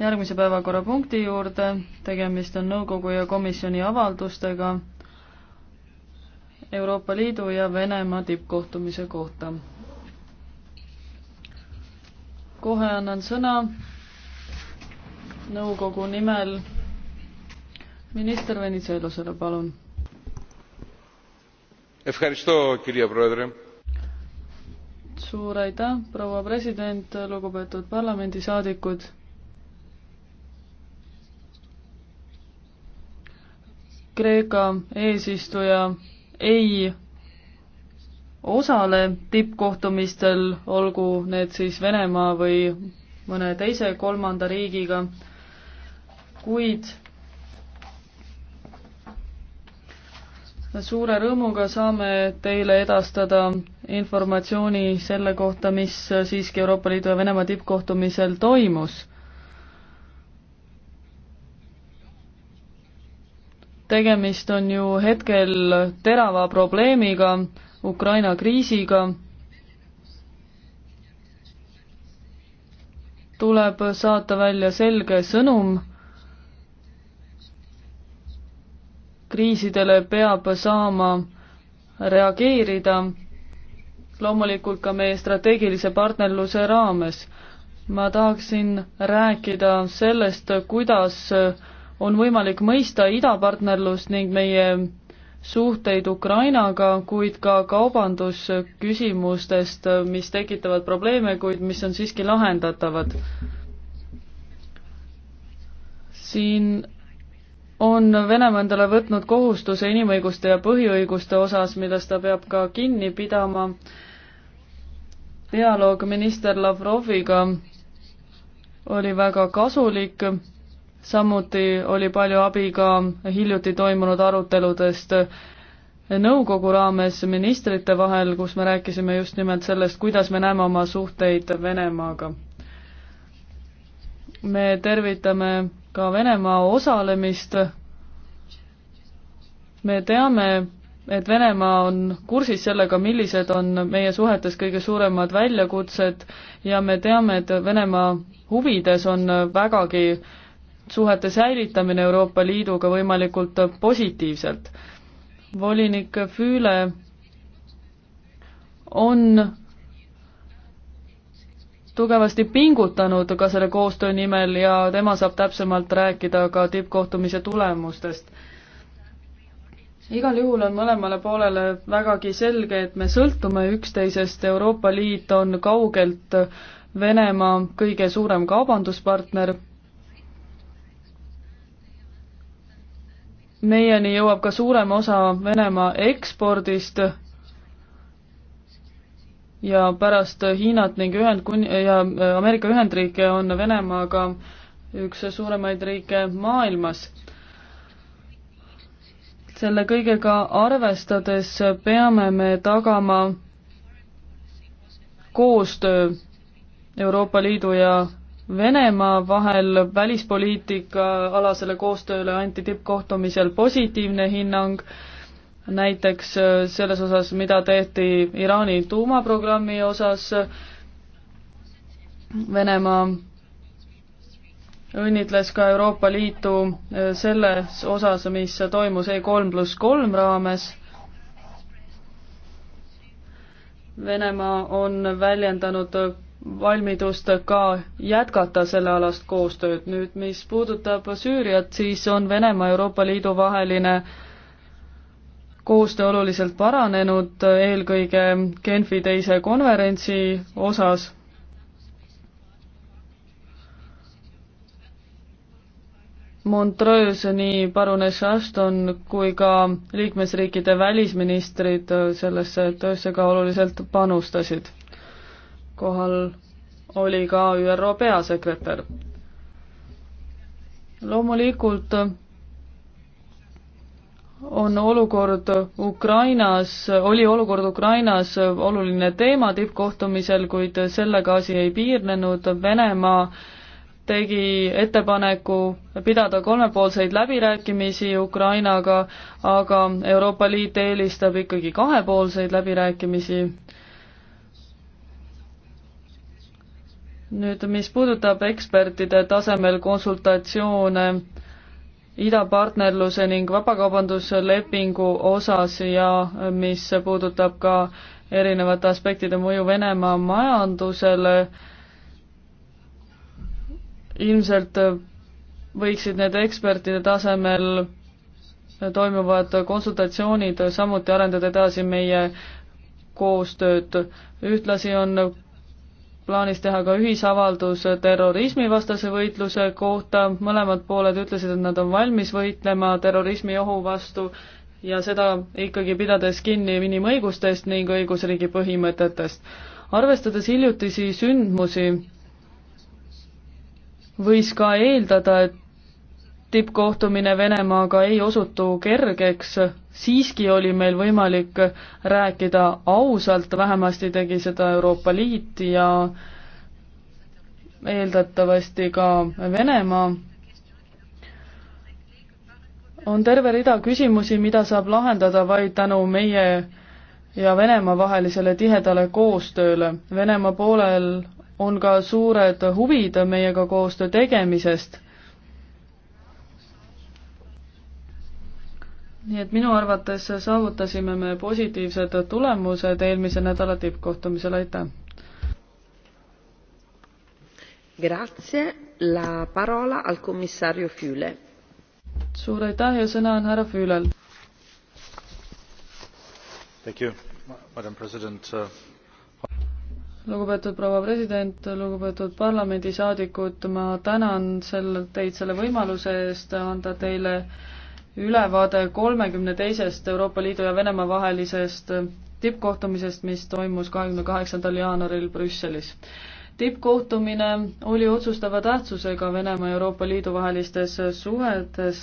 järgmise päevakorrapunkti juurde, tegemist on nõukogu ja komisjoni avaldustega Euroopa Liidu ja Venemaa tippkohtumise kohta. kohe annan sõna nõukogu nimel minister Venizelosele, palun. suur aitäh, proua president, lugupeetud parlamendisaadikud Kreeka eesistuja ei osale tippkohtumistel, olgu need siis Venemaa või mõne teise kolmanda riigiga, kuid suure rõõmuga saame teile edastada informatsiooni selle kohta, mis siiski Euroopa Liidu ja Venemaa tippkohtumisel toimus. tegemist on ju hetkel terava probleemiga, Ukraina kriisiga. tuleb saata välja selge sõnum. kriisidele peab saama reageerida, loomulikult ka meie strateegilise partnerluse raames. ma tahaksin rääkida sellest, kuidas on võimalik mõista idapartnerlust ning meie suhteid Ukrainaga, kuid ka kaubandusküsimustest, mis tekitavad probleeme, kuid mis on siiski lahendatavad. siin on Venemaa endale võtnud kohustuse inimõiguste ja põhiõiguste osas, millest ta peab ka kinni pidama. dialoog minister Lavroviga oli väga kasulik samuti oli palju abi ka hiljuti toimunud aruteludest nõukogu raames ministrite vahel, kus me rääkisime just nimelt sellest, kuidas me näeme oma suhteid Venemaaga. me tervitame ka Venemaa osalemist. me teame, et Venemaa on kursis sellega, millised on meie suhetes kõige suuremad väljakutsed ja me teame, et Venemaa huvides on vägagi äh, suhete säilitamine Euroopa Liiduga võimalikult positiivselt. volinik Füüle on tugevasti pingutanud ka selle koostöö nimel ja tema saab täpsemalt rääkida ka tippkohtumise tulemustest. igal juhul on mõlemale poolele vägagi selge, et me sõltume üksteisest, Euroopa Liit on kaugelt Venemaa kõige suurem kaubanduspartner meieni jõuab ka suurem osa Venemaa ekspordist ja pärast Hiinat ning Ühendkun- ja äh, Ameerika Ühendriike on Venemaaga üks suuremaid riike maailmas. selle kõigega arvestades peame me tagama koostöö Euroopa Liidu ja Venemaa vahel välispoliitika alasele koostööle anti tippkohtumisel positiivne hinnang, näiteks äh, selles osas, mida tehti Iraani tuumaprogrammi osas, Venemaa õnnitles ka Euroopa Liitu äh, selles osas, mis toimus E kolm pluss kolm raames. Venemaa on väljendanud valmidust ka jätkata sellealast koostööd. nüüd, mis puudutab Süüriat, siis on Venemaa Euroopa Liidu vaheline koostöö oluliselt paranenud, eelkõige Genfi teise konverentsi osas. Montreux nii parunes Ashton kui ka liikmesriikide välisministrid sellesse töösse ka oluliselt panustasid kohal oli ka ÜRO peasekretär. loomulikult on olukord Ukrainas, oli olukord Ukrainas oluline teema tippkohtumisel, kuid sellega asi ei piirnenud, Venemaa tegi ettepaneku pidada kolmepoolseid läbirääkimisi Ukrainaga, aga Euroopa Liit eelistab ikkagi kahepoolseid läbirääkimisi nüüd, mis puudutab ekspertide tasemel konsultatsioone idapartnerluse ning vabakaubanduslepingu osas ja mis puudutab ka erinevate aspektide mõju Venemaa majandusele, ilmselt võiksid need ekspertide tasemel toimuvad konsultatsioonid samuti arendada edasi meie koostööd. ühtlasi on plaanis teha ka ühisavaldus terrorismivastase võitluse kohta, mõlemad pooled ütlesid, et nad on valmis võitlema terrorismiohu vastu ja seda ikkagi pidades kinni inimõigustest ning õigusriigi põhimõtetest. arvestades hiljutisi sündmusi, võis ka eeldada, et tippkohtumine Venemaaga ei osutu kergeks siiski oli meil võimalik rääkida ausalt, vähemasti tegi seda Euroopa Liit ja eeldatavasti ka Venemaa. on terve rida küsimusi, mida saab lahendada vaid tänu meie ja Venemaa vahelisele tihedale koostööle. Venemaa poolel on ka suured huvid meiega koostöö tegemisest nii et minu arvates saavutasime me positiivsed tulemused eelmise nädala tippkohtumisel, aitäh! Grazie, la parola al commissario Füüle. suur aitäh ja sõna on härra Füülel. Thank you, madam president uh, lugupeetud proua president, lugupeetud parlamendisaadikud, ma tänan sel, teid selle võimaluse eest anda teile ülevaade kolmekümne teisest Euroopa Liidu ja Venemaa vahelisest tippkohtumisest, mis toimus kahekümne kaheksandal jaanuaril Brüsselis. tippkohtumine oli otsustava tähtsusega Venemaa ja Euroopa Liidu vahelistes suhetes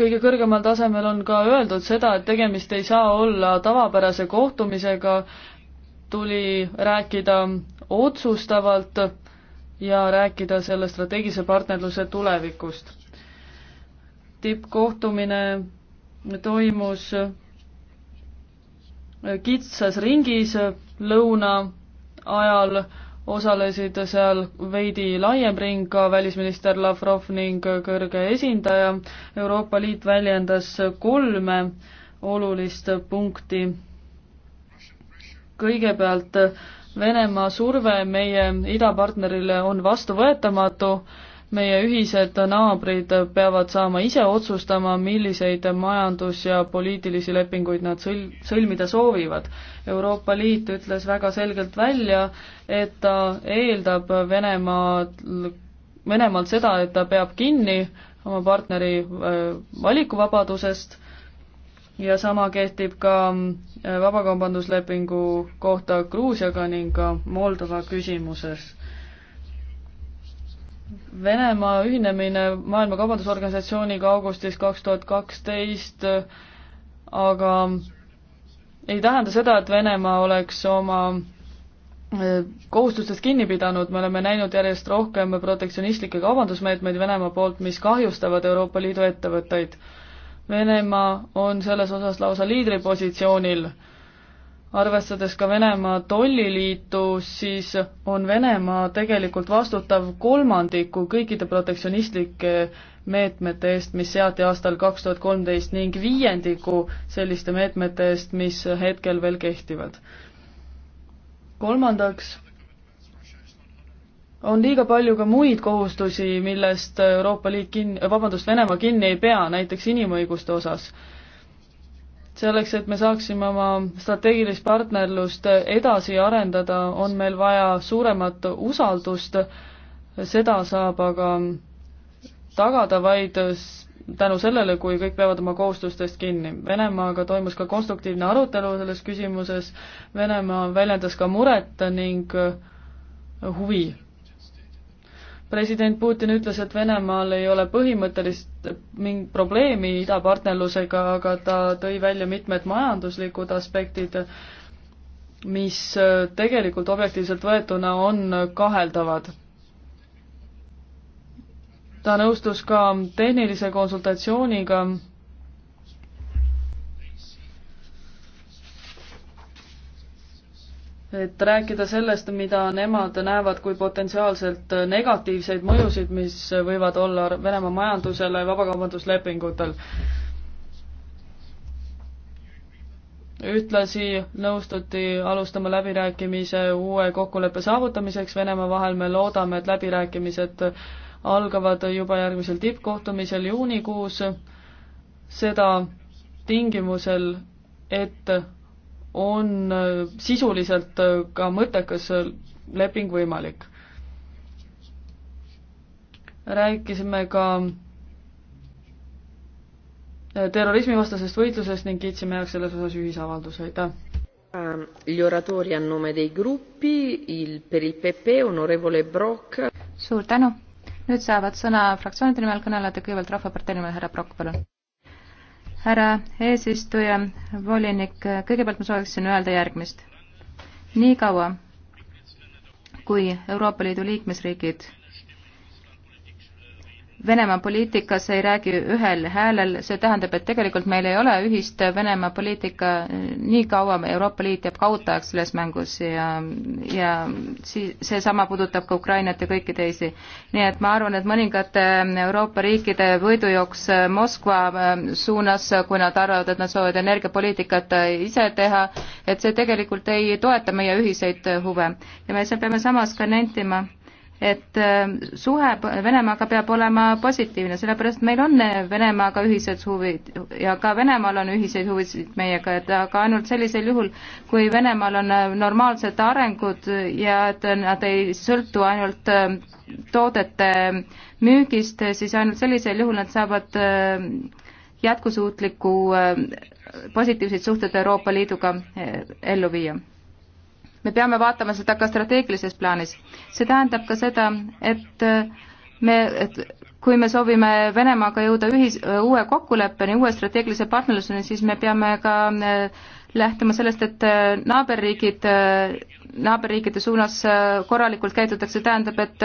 kõige kõrgemal tasemel on ka öeldud seda, et tegemist ei saa olla tavapärase kohtumisega, tuli rääkida otsustavalt ja rääkida selle strateegilise partnerluse tulevikust. tippkohtumine toimus kitsas ringis lõuna ajal, osalesid seal veidi laiem ring, ka välisminister Lavrov ning kõrge esindaja. Euroopa Liit väljendas kolme olulist punkti. kõigepealt äh, Venemaa surve meie idapartnerile on vastuvõetamatu, meie ühised naabrid peavad saama ise otsustama, milliseid majandus- ja poliitilisi lepinguid nad sõl-, sõlmida soovivad. Euroopa Liit ütles väga selgelt välja, et ta eeldab Venemaad, Venemaalt seda, et ta peab kinni oma partneri äh, valikuvabadusest ja sama kehtib ka äh, vabakaubanduslepingu kohta Gruusiaga ning ka Moldova küsimuses. Venemaa ühinemine Maailma Kaubandusorganisatsiooniga augustis kaks tuhat kaksteist äh, aga ei tähenda seda, et Venemaa oleks oma äh, kohustustest kinni pidanud, me oleme näinud järjest rohkem protektsionistlikke kaubandusmeetmeid Venemaa poolt, mis kahjustavad Euroopa Liidu ettevõtteid Venemaa on selles osas lausa liidripositsioonil. arvestades ka Venemaa tolliliitu, siis on Venemaa tegelikult vastutav kolmandiku kõikide protektsionistlike meetmete eest, mis seati aastal kaks tuhat kolmteist ning viiendiku selliste meetmete eest, mis hetkel veel kehtivad. kolmandaks on liiga palju ka muid kohustusi, millest Euroopa Liit kin-, vabandust, Venemaa kinni ei pea, näiteks inimõiguste osas. selleks, et me saaksime oma strateegilist partnerlust edasi arendada, on meil vaja suuremat usaldust, seda saab aga tagada vaid tänu sellele, kui kõik peavad oma kohustustest kinni. Venemaaga toimus ka konstruktiivne arutelu selles küsimuses, Venemaa väljendas ka muret ning huvi president Putin ütles, et Venemaal ei ole põhimõttelist mingit probleemi idapartnerlusega, aga ta tõi välja mitmed majanduslikud aspektid, mis tegelikult objektiivselt võetuna on kaheldavad. ta nõustus ka tehnilise konsultatsiooniga et rääkida sellest, mida nemad näevad kui potentsiaalselt negatiivseid mõjusid, mis võivad olla Venemaa majandusele vabakaubanduslepingutel. ühtlasi nõustuti alustama läbirääkimise uue kokkuleppe saavutamiseks Venemaa vahel, me loodame, et läbirääkimised algavad juba järgmisel tippkohtumisel juunikuus, seda tingimusel, et on äh, sisuliselt äh, ka mõttekas äh, leping võimalik. rääkisime ka terrorismivastasest võitlusest ning kiitsime heaks selles osas ühisavalduse, aitäh! Ähm, gli oratori a nome dei gruppi, il per il PP onorevole Brock. suur tänu! nüüd saavad sõna fraktsioonide nimel kõnelejad ja kõigepealt Rahvapartei nimel härra Brock, palun! härra eesistuja, volinik, kõigepealt ma sooviksin öelda järgmist. niikaua, kui Euroopa Liidu liikmesriigid Venemaa poliitikas ei räägi ühel häälel, see tähendab, et tegelikult meil ei ole ühist Venemaa poliitika, nii kaua Euroopa Liit jääb kaotajaks selles mängus ja, ja sii-, seesama puudutab ka Ukrainat ja kõiki teisi. nii et ma arvan, et mõningate Euroopa riikide võidujooks Moskva äh, suunas, kui nad arvavad, et nad soovivad energiapoliitikat äh, ise teha, et see tegelikult ei toeta meie ühiseid huve. ja me peame samas ka nentima, et äh, suhe Venemaaga peab olema positiivne, sellepärast meil on Venemaaga ühised huvid ja ka Venemaal on ühiseid huvisid meiega, et aga ainult sellisel juhul, kui Venemaal on äh, normaalsed arengud ja et nad ei sõltu ainult äh, toodete müügist, siis ainult sellisel juhul nad saavad jätkusuutliku positiivseid suhteid Euroopa Liiduga ellu viia me peame vaatama seda ka strateegilises plaanis. see tähendab ka seda, et äh, me, et kui me soovime Venemaaga jõuda ühis, äh, uue kokkuleppeni, uue strateegilise partnerluseni, siis me peame ka äh, lähtuma sellest, et naaberriigid, naaberriikide suunas korralikult käidutakse, tähendab, et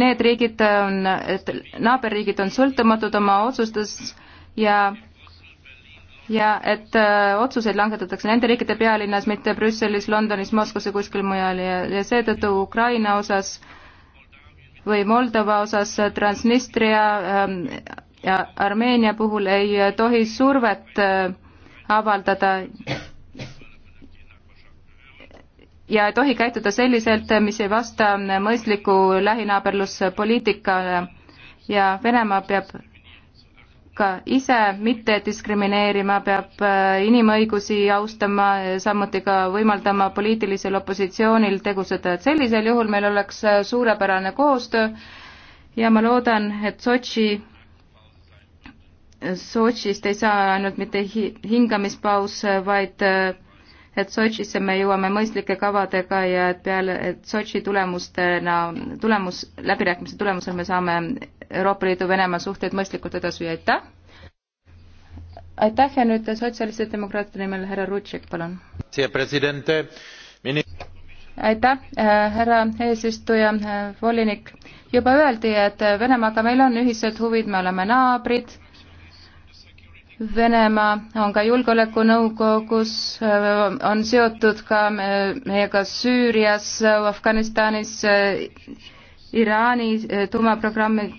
need riigid on, et naaberriigid on sõltumatud oma otsustes ja ja et öö, äh, otsuseid langetatakse nende riikide pealinnas, mitte Brüsselis, Londonis, Moskvas ja kuskil mujal ja, ja seetõttu Ukraina osas või Moldova osas äh, Transnistria ähm, ja Armeenia puhul ei äh, tohi survet äh, avaldada ja ei tohi käituda selliselt, mis ei vasta mõistliku lähinaaberluspoliitikale ja Venemaa peab ka ise mitte diskrimineerima, peab äh, inimõigusi austama, samuti ka võimaldama poliitilisel opositsioonil tegutseda, et sellisel juhul meil oleks äh, suurepärane koostöö ja ma loodan, et Sotši Sotšist ei saa ainult mitte hi-, hingamispaus, äh, vaid et Sotšisse me jõuame mõistlike kavadega ja et peale, et Sotši tulemustena, tulemus, läbirääkimiste tulemusel me saame Euroopa Liidu Venemaa suhteid mõistlikult edasi viia, aitäh! aitäh ja nüüd sotsialistide demokraatide nimel härra Rutšik, palun! aitäh, äh, härra eesistuja, äh, volinik! juba öeldi, et Venemaaga meil on ühised huvid, me oleme naabrid, Venemaa on ka Julgeolekunõukogus, äh, on seotud ka meiega Süürias, Afganistanis, Iraani eh, tuumaprogrammi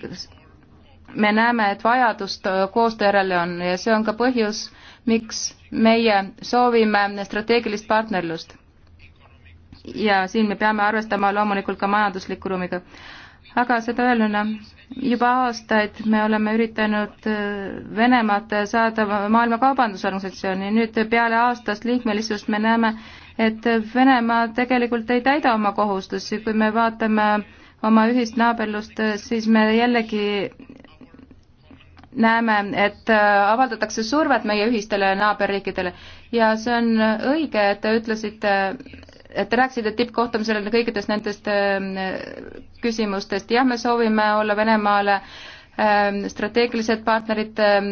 me näeme, et vajadust eh, koostöö järele on ja see on ka põhjus, miks meie soovime strateegilist partnerlust. ja siin me peame arvestama loomulikult ka majandusliku ruumiga. aga seda öelnuna, juba aastaid me oleme üritanud eh, Venemaad saada Maailma Kaubandusorganisatsiooni, nüüd peale aastast liikmelisust me näeme, et Venemaa tegelikult ei täida oma kohustusi, kui me vaatame äh, oma ühist naaberlust, siis me jällegi näeme, et äh, avaldatakse survet meie ühistele naaberriikidele ja see on õige, et te ütlesite, et te rääkisite tippkohtumisel kõikidest nendest äh, küsimustest, jah, me soovime olla Venemaale ähm, strateegilised partnerid ähm,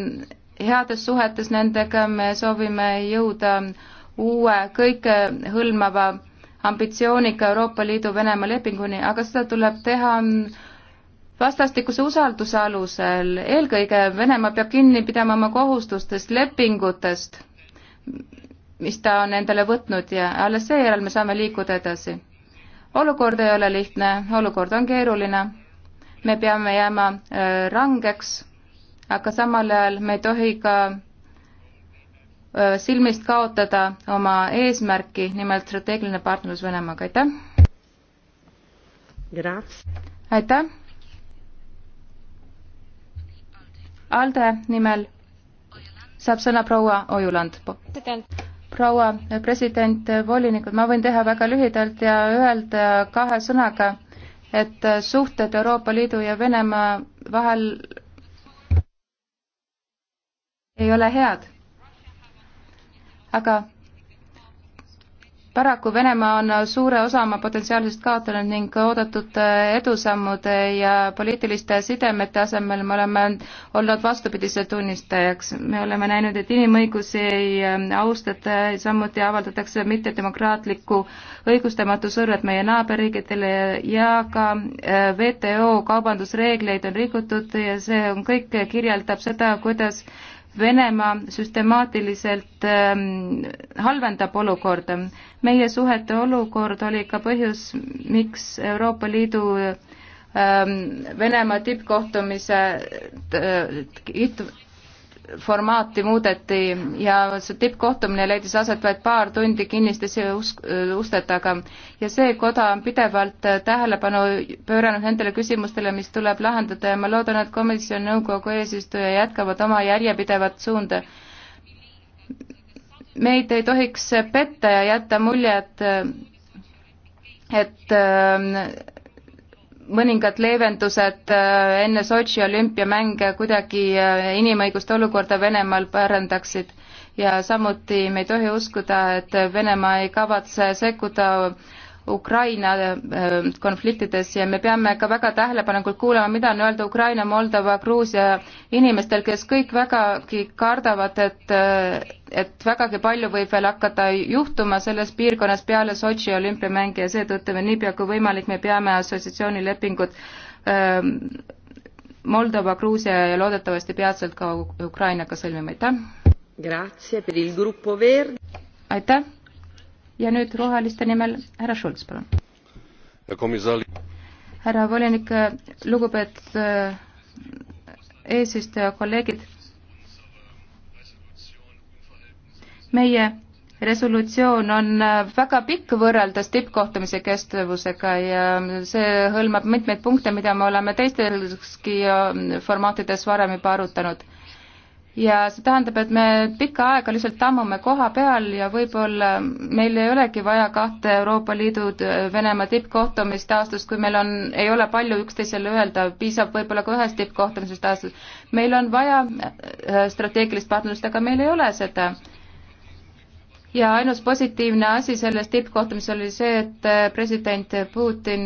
heades suhetes nendega, me soovime jõuda uue kõikehõlmava ambitsioonika Euroopa Liidu Venemaa lepinguni, aga seda tuleb teha vastastikuse usalduse alusel, eelkõige Venemaa peab kinni pidama oma kohustustest, lepingutest, mis ta on endale võtnud ja alles seejärel me saame liikuda edasi. olukord ei ole lihtne, olukord on keeruline, me peame jääma äh, rangeks, aga samal ajal me ei tohi ka silmist kaotada oma eesmärki, nimelt strateegiline partnerlus Venemaaga, aitäh! aitäh! ALDE nimel saab sõna proua Ojuland. proua president, volinikud, ma võin teha väga lühidalt ja öelda kahe sõnaga, et suhted Euroopa Liidu ja Venemaa vahel ei ole head aga paraku Venemaa on suure osa oma potentsiaalsest kaotanud ning oodatud edusammude ja poliitiliste sidemete asemel me oleme olnud vastupidise tunnistajaks. me oleme näinud, et inimõigusi ei äh, austata, samuti avaldatakse mittedemokraatlikku õigustamatu survet meie naaberriigidele ja ka äh, WTO kaubandusreegleid on rikutud ja see on kõik, kirjeldab seda, kuidas Venemaa süstemaatiliselt ähm, halvendab olukorda. meie suhete olukord oli ka põhjus, miks Euroopa Liidu ähm, Venemaa tippkohtumise äh, formaati muudeti ja see tippkohtumine leidis aset vaid paar tundi kinnistes uste taga ja see koda on pidevalt äh, tähelepanu pööranud nendele küsimustele, mis tuleb lahendada ja ma loodan, et komisjon, nõukogu eesistuja jätkavad oma järjepidevat suunda. meid ei tohiks petta ja jätta mulje, äh, et et äh, mõningad leevendused äh, enne Sotši olümpiamänge kuidagi äh, inimõiguste olukorda Venemaal parandaksid ja samuti me ei tohi uskuda, et Venemaa ei kavatse sekkuda Ukraina äh, konfliktides ja me peame ka väga tähelepanelikult kuulama, mida on öelda Ukraina, Moldova, Gruusia inimestel, kes kõik vägagi kardavad, et et vägagi palju võib veel hakata juhtuma selles piirkonnas peale Sotši olümpiamänge ja seetõttu me niipea kui võimalik, me peame assotsiatsioonilepingut ähm, Moldova, Gruusia ja loodetavasti peatselt ka Ukrainaga sõlmima, aitäh! aitäh! ja nüüd Roheliste nimel härra Schulz, palun! härra volinik, lugupeetud äh, eesistuja, kolleegid meie resolutsioon on väga pikk võrreldes tippkohtumise kestvusega ja see hõlmab mitmeid punkte, mida me oleme teisteski äh, formaatides varem juba arutanud. ja see tähendab, et me pikka aega lihtsalt tammume koha peal ja võib-olla meil ei olegi vaja kahte Euroopa Liidu äh, Venemaa tippkohtumist aastas, kui meil on, ei ole palju üksteisele öelda, piisab võib-olla ka ühest tippkohtumisest aastas. meil on vaja äh, strateegilist partnerlust, aga meil ei ole seda ja ainus positiivne asi selles tippkohtumisel oli see, et äh, president Putin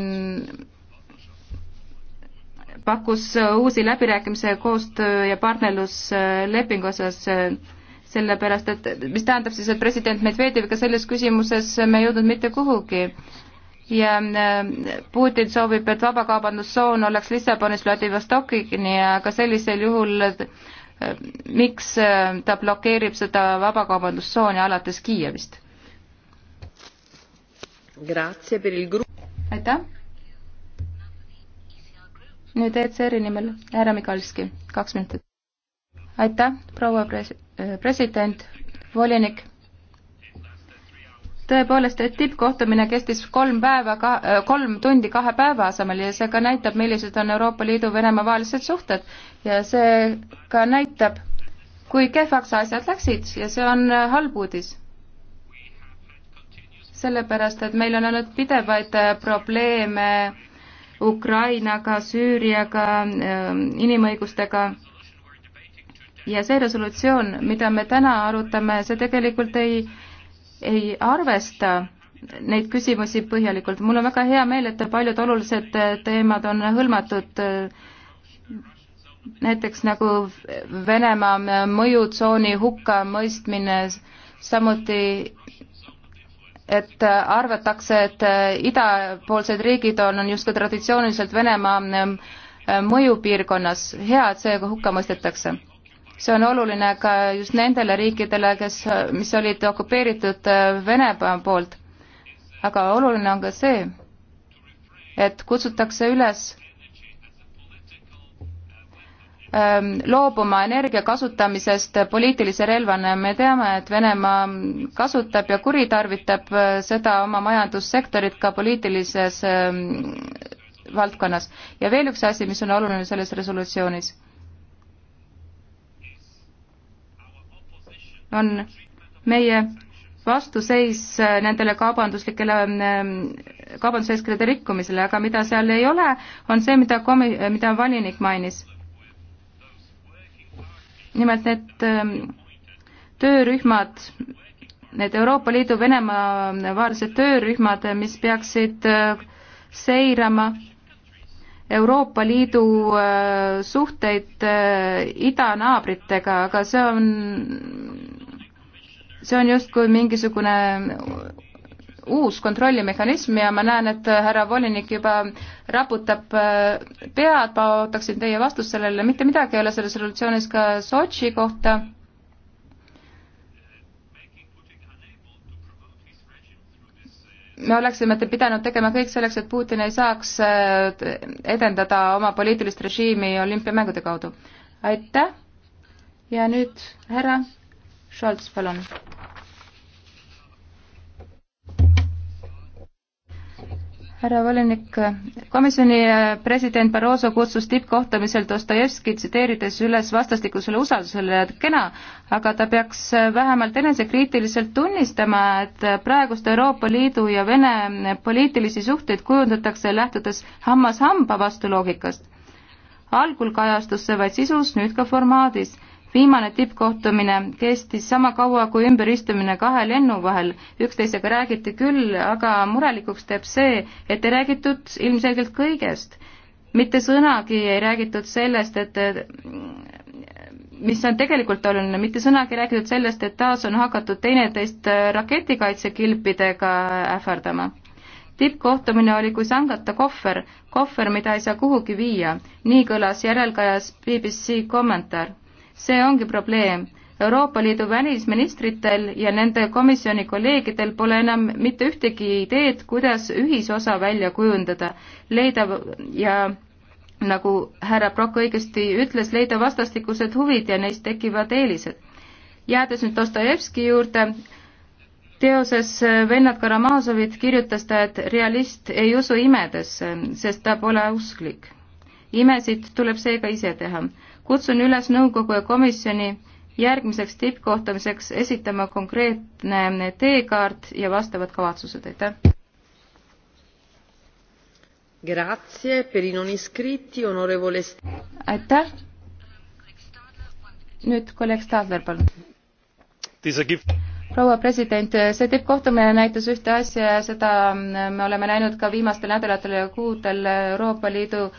pakkus uusi läbirääkimise koostöö ja partnerluslepingu osas äh, sellepärast, et mis tähendab siis, et president Medvedjeviga selles küsimuses me ei jõudnud mitte kuhugi. ja äh, Putin soovib, et vabakaubandustsoon oleks Lissabonis Vladivostokini, aga sellisel juhul miks äh, ta blokeerib seda vabakaubandustsooni alates Kiievist? aitäh. nüüd ECR-i nimel härra Mikalski, kaks minutit. aitäh, proua pres-, äh, president, volinik tõepoolest, et tippkohtumine kestis kolm päeva, kolm tundi kahe päeva asemel ja see ka näitab, millised on Euroopa Liidu Venemaa vahelised suhted ja see ka näitab, kui kehvaks asjad läksid ja see on halb uudis. sellepärast, et meil on olnud pidevaid äh, probleeme Ukrainaga, Süüriaga, ähm, inimõigustega ja see resolutsioon, mida me täna arutame, see tegelikult ei ei arvesta neid küsimusi põhjalikult. mul on väga hea meel, et paljud olulised äh, teemad on hõlmatud, äh, näiteks nagu Venemaa äh, mõjutsooni hukkamõistmine, samuti et arvatakse, et idapoolsed riigid on, on justkui traditsiooniliselt Venemaa mõjupiirkonnas. hea, et see hukka mõistetakse see on oluline ka just nendele riikidele, kes, mis olid okupeeritud äh, Vene poolt. aga oluline on ka see, et kutsutakse üles ähm, loobuma energia kasutamisest poliitilise relvana ja me teame, et Venemaa kasutab ja kuritarvitab äh, seda oma majandussektorit ka poliitilises ähm, valdkonnas. ja veel üks asi, mis on oluline selles resolutsioonis on meie vastuseis äh, nendele kaubanduslikele, ähm, kaubanduseeskirjade rikkumisele, aga mida seal ei ole, on see, mida komi-, äh, mida volinik mainis. nimelt need ähm, töörühmad, need Euroopa Liidu Venemaa äh, vahelised töörühmad, mis peaksid seirama Euroopa Liidu suhteid idanaabritega, aga see on see on justkui mingisugune uus kontrollimehhanism ja ma näen, et härra volinik juba raputab äh, pead, ma ootaksin teie vastust sellele, mitte midagi ei ole selles resolutsioonis ka Sotši kohta. me oleksime pidanud tegema kõik selleks, et Putin ei saaks äh, edendada oma poliitilist režiimi olümpiamängude kaudu. aitäh ja nüüd härra Scholz, palun. härra volinik, komisjoni äh, president Barroso kutsus tippkohtumisel Dostojevski tsiteerides üles vastastikusele usaldusele, et kena, aga ta peaks äh, vähemalt enesekriitiliselt tunnistama, et äh, praegust Euroopa Liidu ja Vene poliitilisi suhteid kujundatakse lähtudes hammas hamba vastu loogikast. algul kajastus see vaid sisus, nüüd ka formaadis viimane tippkohtumine kestis sama kaua kui ümberistumine kahe lennu vahel, üksteisega räägiti küll, aga murelikuks teeb see, et ei räägitud ilmselgelt kõigest. mitte sõnagi ei räägitud sellest, et mis on tegelikult oluline, mitte sõnagi ei räägitud sellest, et taas on hakatud teineteist raketikaitsekilpidega ähvardama tippkohtumine oli kui sangata kohver, kohver, mida ei saa kuhugi viia, nii kõlas järelkajas BBC kommentaar see ongi probleem. Euroopa Liidu välisministritel ja nende komisjoni kolleegidel pole enam mitte ühtegi ideed, kuidas ühisosa välja kujundada, leida ja nagu härra Prokk õigesti ütles, leida vastastikused huvid ja neist tekivad eelised. jäädes nüüd Dostojevski juurde, teoses Vennad Karamaasovid kirjutas ta, et realist ei usu imedesse, sest ta pole usklik. imesid tuleb seega ise teha kutsun üles nõukogu ja komisjoni järgmiseks tippkohtumiseks esitama konkreetne teekaart ja vastavad kavatsused, aitäh! aitäh! nüüd kolleeg Stadler, palun. proua president, see tippkohtumine näitas ühte asja ja seda me oleme näinud ka viimastel nädalatel ja kuudel Euroopa Liidu äh,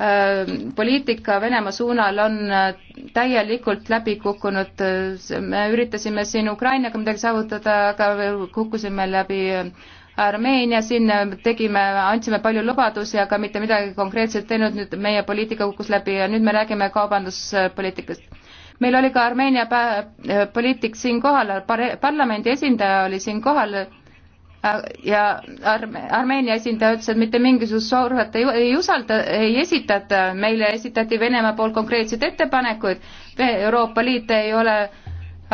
Äh, poliitika Venemaa suunal on äh, täielikult läbi kukkunud, me üritasime siin Ukrainaga midagi saavutada, aga kukkusime läbi äh, Armeenia, siin tegime, andsime palju lubadusi, aga mitte midagi konkreetset teinud, nüüd meie poliitika kukkus läbi ja nüüd me räägime kaubanduspoliitikast. meil oli ka Armeenia poliitik siin kohal, parlamendi esindaja oli siin kohal ja Arme-, Armeenia esindaja ütles, et mitte mingisugust survet ei, ei usalda, ei esitata, meile esitati Venemaa poolt konkreetseid ettepanekuid, Euroopa Liit ei ole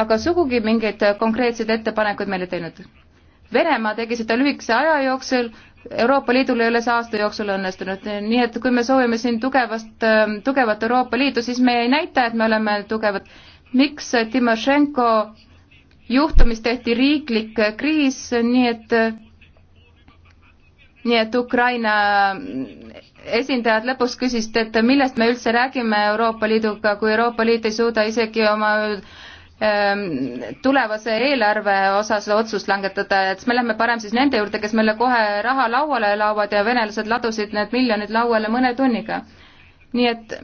aga sugugi mingeid konkreetseid ettepanekuid meile teinud. Venemaa tegi seda lühikese aja jooksul, Euroopa Liidul ei ole see aasta jooksul õnnestunud, nii et kui me soovime siin tugevast, tugevat Euroopa Liitu, siis me ei näita, et me oleme tugevad. miks Timošenko juhtumist tehti riiklik kriis, nii et nii et Ukraina esindajad lõpuks küsisid, et millest me üldse räägime Euroopa Liiduga, kui Euroopa Liit ei suuda isegi oma ähm, tulevase eelarve osas otsust langetada, et siis me lähme parem siis nende juurde, kes meile kohe raha lauale laovad ja venelased ladusid need miljonid lauale mõne tunniga. nii et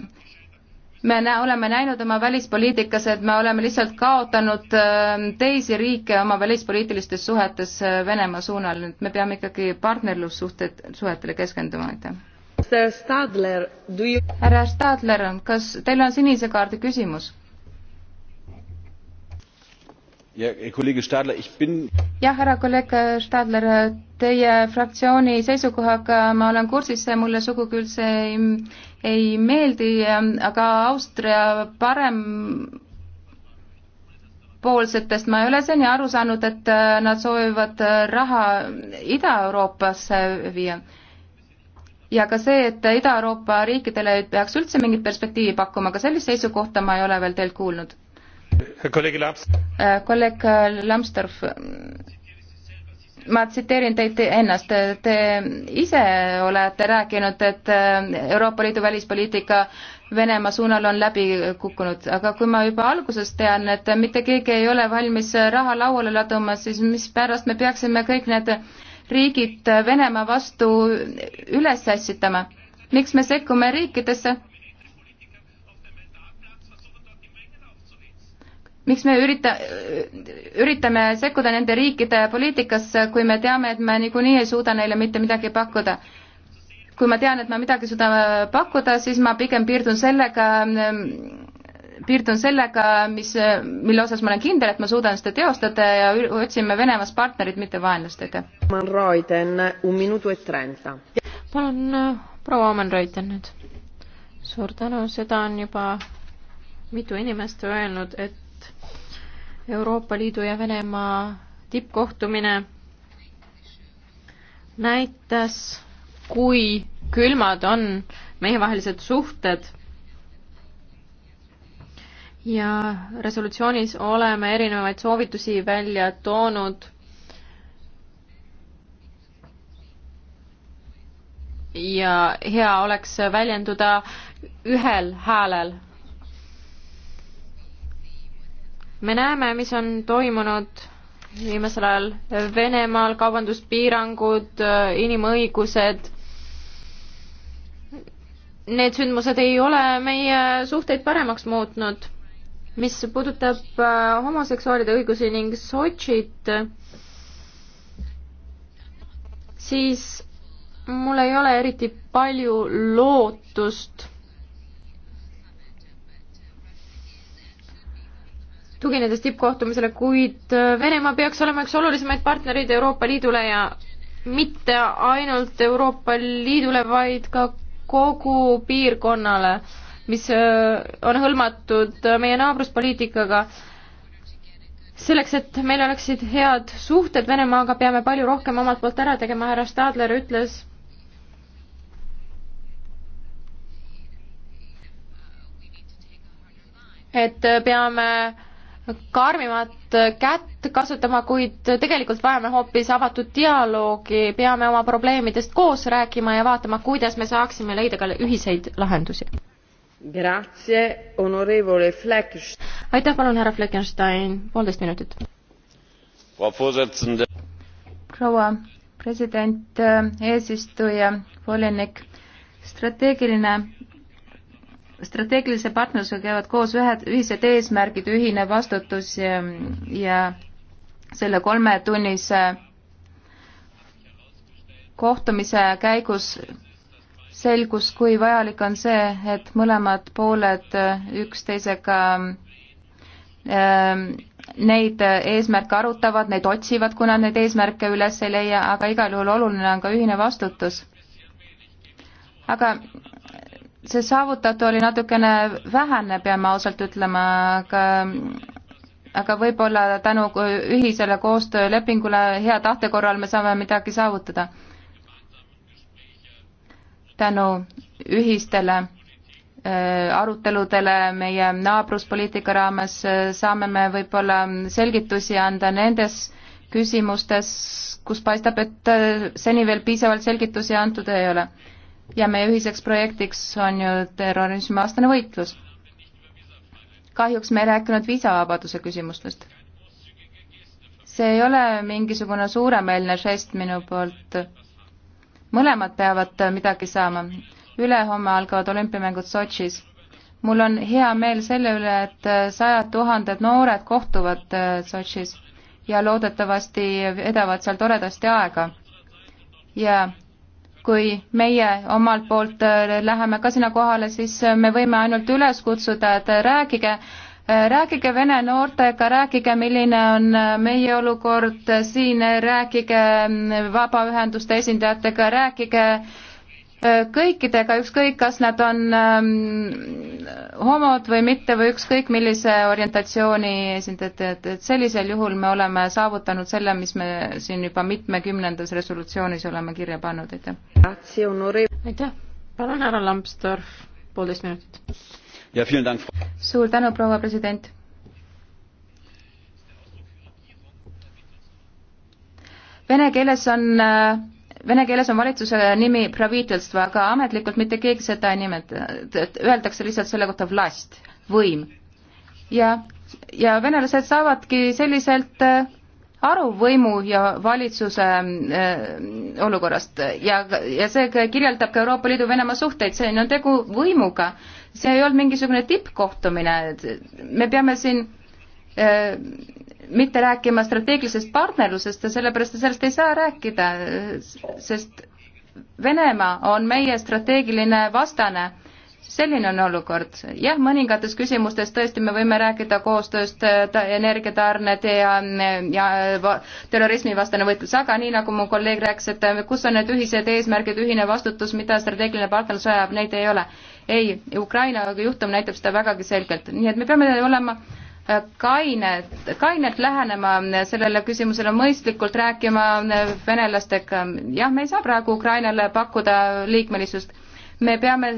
me nä-, oleme näinud oma välispoliitikas, et me oleme lihtsalt kaotanud ähm, teisi riike oma välispoliitilistes suhetes äh, Venemaa suunal, et me peame ikkagi partnerlussuhted, suhetele keskenduma, aitäh. härra Stadler, kas teil on sinise kaardi küsimus? jah, härra kolleeg Stadler, teie fraktsiooni seisukohaga ma olen kursis, see mulle sugugi üldse ei ei meeldi, aga Austria parem poolsetest ma ei ole seni aru saanud, et nad soovivad raha Ida-Euroopasse viia. ja ka see, et Ida-Euroopa riikidele ei peaks üldse mingit perspektiivi pakkuma, ka sellist seisukohta ma ei ole veel teilt kuulnud. kolleeg Lambsdorff ma tsiteerin teid ennast, te ise olete rääkinud, et äh, Euroopa Liidu välispoliitika Venemaa suunal on läbi kukkunud, aga kui ma juba algusest tean, et mitte keegi ei ole valmis raha lauale laduma, siis mispärast me peaksime kõik need riigid Venemaa vastu üles ässitama? miks me sekkume riikidesse? miks me ürita, üritame sekkuda nende riikide poliitikasse, kui me teame, et me niikuinii ei suuda neile mitte midagi pakkuda? kui ma tean, et ma midagi suudan äh, pakkuda, siis ma pigem piirdun sellega, ähm, piirdun sellega, mis, äh, mille osas ma olen kindel, et ma suudan seda teostada ja otsime Venemaas partnerit, mitte vaenlast, aitäh. E palun äh, proua Omenreuten nüüd. suur tänu, seda on juba mitu inimest öelnud, et Euroopa Liidu ja Venemaa tippkohtumine näitas, kui külmad on meievahelised suhted. ja resolutsioonis oleme erinevaid soovitusi välja toonud. ja hea oleks väljenduda ühel häälel me näeme, mis on toimunud viimasel ajal Venemaal, kaubanduspiirangud, inimõigused. Need sündmused ei ole meie suhteid paremaks muutnud. mis puudutab äh, homoseksuaalide õigusi ning Sotšit, siis mul ei ole eriti palju lootust tuginedes tippkohtumisele, kuid äh, Venemaa peaks olema üks olulisemaid partnereid Euroopa Liidule ja mitte ainult Euroopa Liidule, vaid ka kogu piirkonnale, mis äh, on hõlmatud äh, meie naabruspoliitikaga. selleks, et meil oleksid head suhted Venemaaga, peame palju rohkem omalt poolt ära tegema, härra Stadler ütles et peame karmimat kätt kasutama, kuid tegelikult vajame hoopis avatud dialoogi, peame oma probleemidest koos rääkima ja vaatama, kuidas me saaksime leida ka ühiseid lahendusi. aitäh, palun, härra Fleckenstein, poolteist minutit. proua president, eesistuja, volinik, strateegiline strateegilise partnerlusega käivad koos ühed, ühised eesmärgid, ühine vastutus ja, ja selle kolmetunnise kohtumise käigus selgus, kui vajalik on see, et mõlemad pooled üksteisega ähm, neid eesmärke arutavad, neid otsivad, kuna neid eesmärke üles ei leia, aga igal juhul oluline on ka ühine vastutus. aga see saavutatu oli natukene vähene, peame ausalt ütlema, aga aga võib-olla tänu ühisele koostöölepingule hea tahte korral me saame midagi saavutada. tänu ühistele äh, aruteludele meie naabruspoliitika raames äh, saame me võib-olla selgitusi anda nendes küsimustes, kus paistab, et äh, seni veel piisavalt selgitusi antud ei ole ja meie ühiseks projektiks on ju terrorismivastane võitlus. kahjuks me ei rääkinud viisavabaduse küsimustest. see ei ole mingisugune suuremeelne žest minu poolt. mõlemad peavad midagi saama. ülehomme algavad olümpiamängud Sotšis. mul on hea meel selle üle, et sajad tuhanded noored kohtuvad äh, Sotšis ja loodetavasti vedavad seal toredasti aega. ja kui meie omalt poolt äh, läheme ka sinna kohale, siis äh, me võime ainult üles kutsuda, et äh, rääkige, rääkige vene noortega, rääkige, milline on meie olukord siin, rääkige mm, vabaühenduste esindajatega, rääkige kõikidega, ükskõik kas nad on ähm, homod või mitte või ükskõik millise orientatsiooni esindajad, et, et sellisel juhul me oleme saavutanud selle, mis me siin juba mitmekümnendas resolutsioonis oleme kirja pannud, aitäh. aitäh, palun härra Lambsdorff, poolteist minutit. suur tänu, proua president vene keeles on äh, Vene keeles on valitsuse nimi pravitelstvo, aga ametlikult mitte keegi seda ei nimeta, öeldakse lihtsalt selle kohta vlast, võim. ja, ja venelased saavadki selliselt äh, aru võimu ja valitsuse äh, olukorrast ja, ja see kirjeldab ka Euroopa Liidu Venemaa suhteid, siin on tegu võimuga, see ei olnud mingisugune tippkohtumine, me peame siin äh, Äh, mitte rääkima strateegilisest partnerlusest ja sellepärast ta sellest ei saa rääkida, sest Venemaa on meie strateegiline vastane. selline on olukord. jah, mõningates küsimustes tõesti me võime rääkida koostööst äh, energiatarned ja, ja äh, terrorismivastane võitlus, aga nii nagu mu kolleeg rääkis, et kus on need ühised eesmärgid, ühine vastutus, mida strateegiline partnerlus ajab, neid ei ole. ei, Ukraina juhtum näitab seda vägagi selgelt, nii et me peame olema äh, kainet, kainelt lähenema sellele küsimusele, mõistlikult rääkima venelastega. jah, me ei saa praegu Ukrainale pakkuda liikmelisust. me peame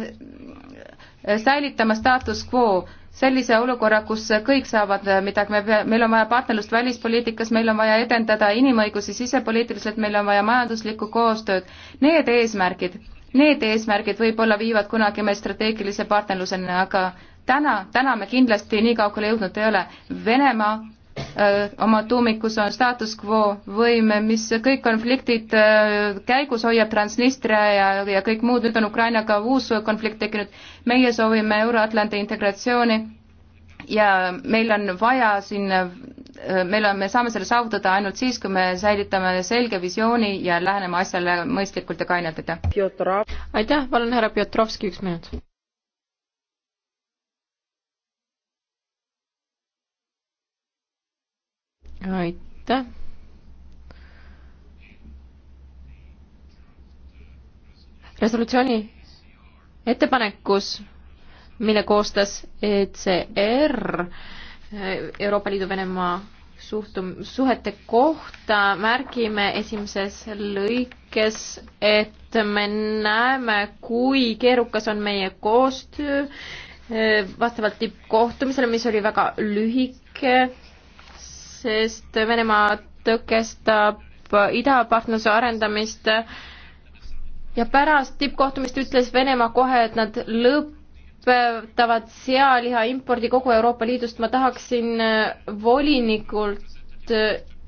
säilitama status quo, sellise olukorra, kus kõik saavad midagi, me, meil on vaja partnerlust välispoliitikas, meil on vaja edendada inimõigusi sisepoliitiliselt, meil on vaja majanduslikku koostööd. Need eesmärgid, need eesmärgid võib-olla viivad kunagi meil strateegilise partnerluseni, aga täna, täna me kindlasti nii kaugele jõudnud ei ole. Venemaa öö, äh, oma tuumikus on status quo võim, mis kõik konfliktid öö, äh, käigus hoiab, Transnistria ja, ja kõik muud, nüüd on Ukrainaga uus konflikt tekkinud. meie soovime Euro-Atlandi integratsiooni ja meil on vaja siin, äh, meil on, me saame selle saavutada ainult siis, kui me säilitame selge visiooni ja läheneme asjale mõistlikult ja kainelt, aitäh. aitäh, palun härra Pjotrovski, üks minut aitäh. resolutsiooni ettepanekus, mille koostas ECR Euroopa Liidu Venemaa suhtum-, suhete kohta, märgime esimeses lõikes, et me näeme, kui keerukas on meie koostöö eh, vastavalt tippkohtumisele, mis oli väga lühike sest Venemaa tõkestab idapartnerluse arendamist ja pärast tippkohtumist ütles Venemaa kohe, et nad lõpetavad sealiha impordi kogu Euroopa Liidust. ma tahaksin volinikult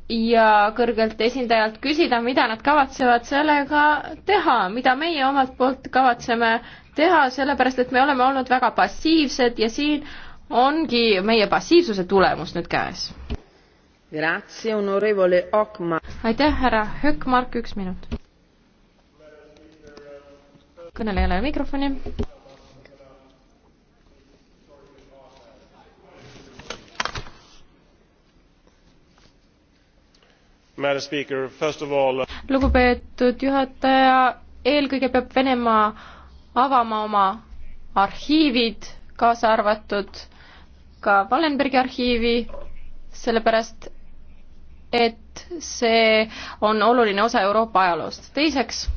ja kõrgelt esindajalt küsida, mida nad kavatsevad sellega teha, mida meie omalt poolt kavatseme teha, sellepärast et me oleme olnud väga passiivsed ja siin ongi meie passiivsuse tulemus nüüd käes aitäh, härra Hökmark, üks minut. kõnelejale mikrofoni. All... lugupeetud juhataja, eelkõige peab Venemaa avama oma arhiivid, kaasa arvatud ka Wallenbergi arhiivi, sellepärast et see on oluline osa Euroopa ajaloost. teiseks,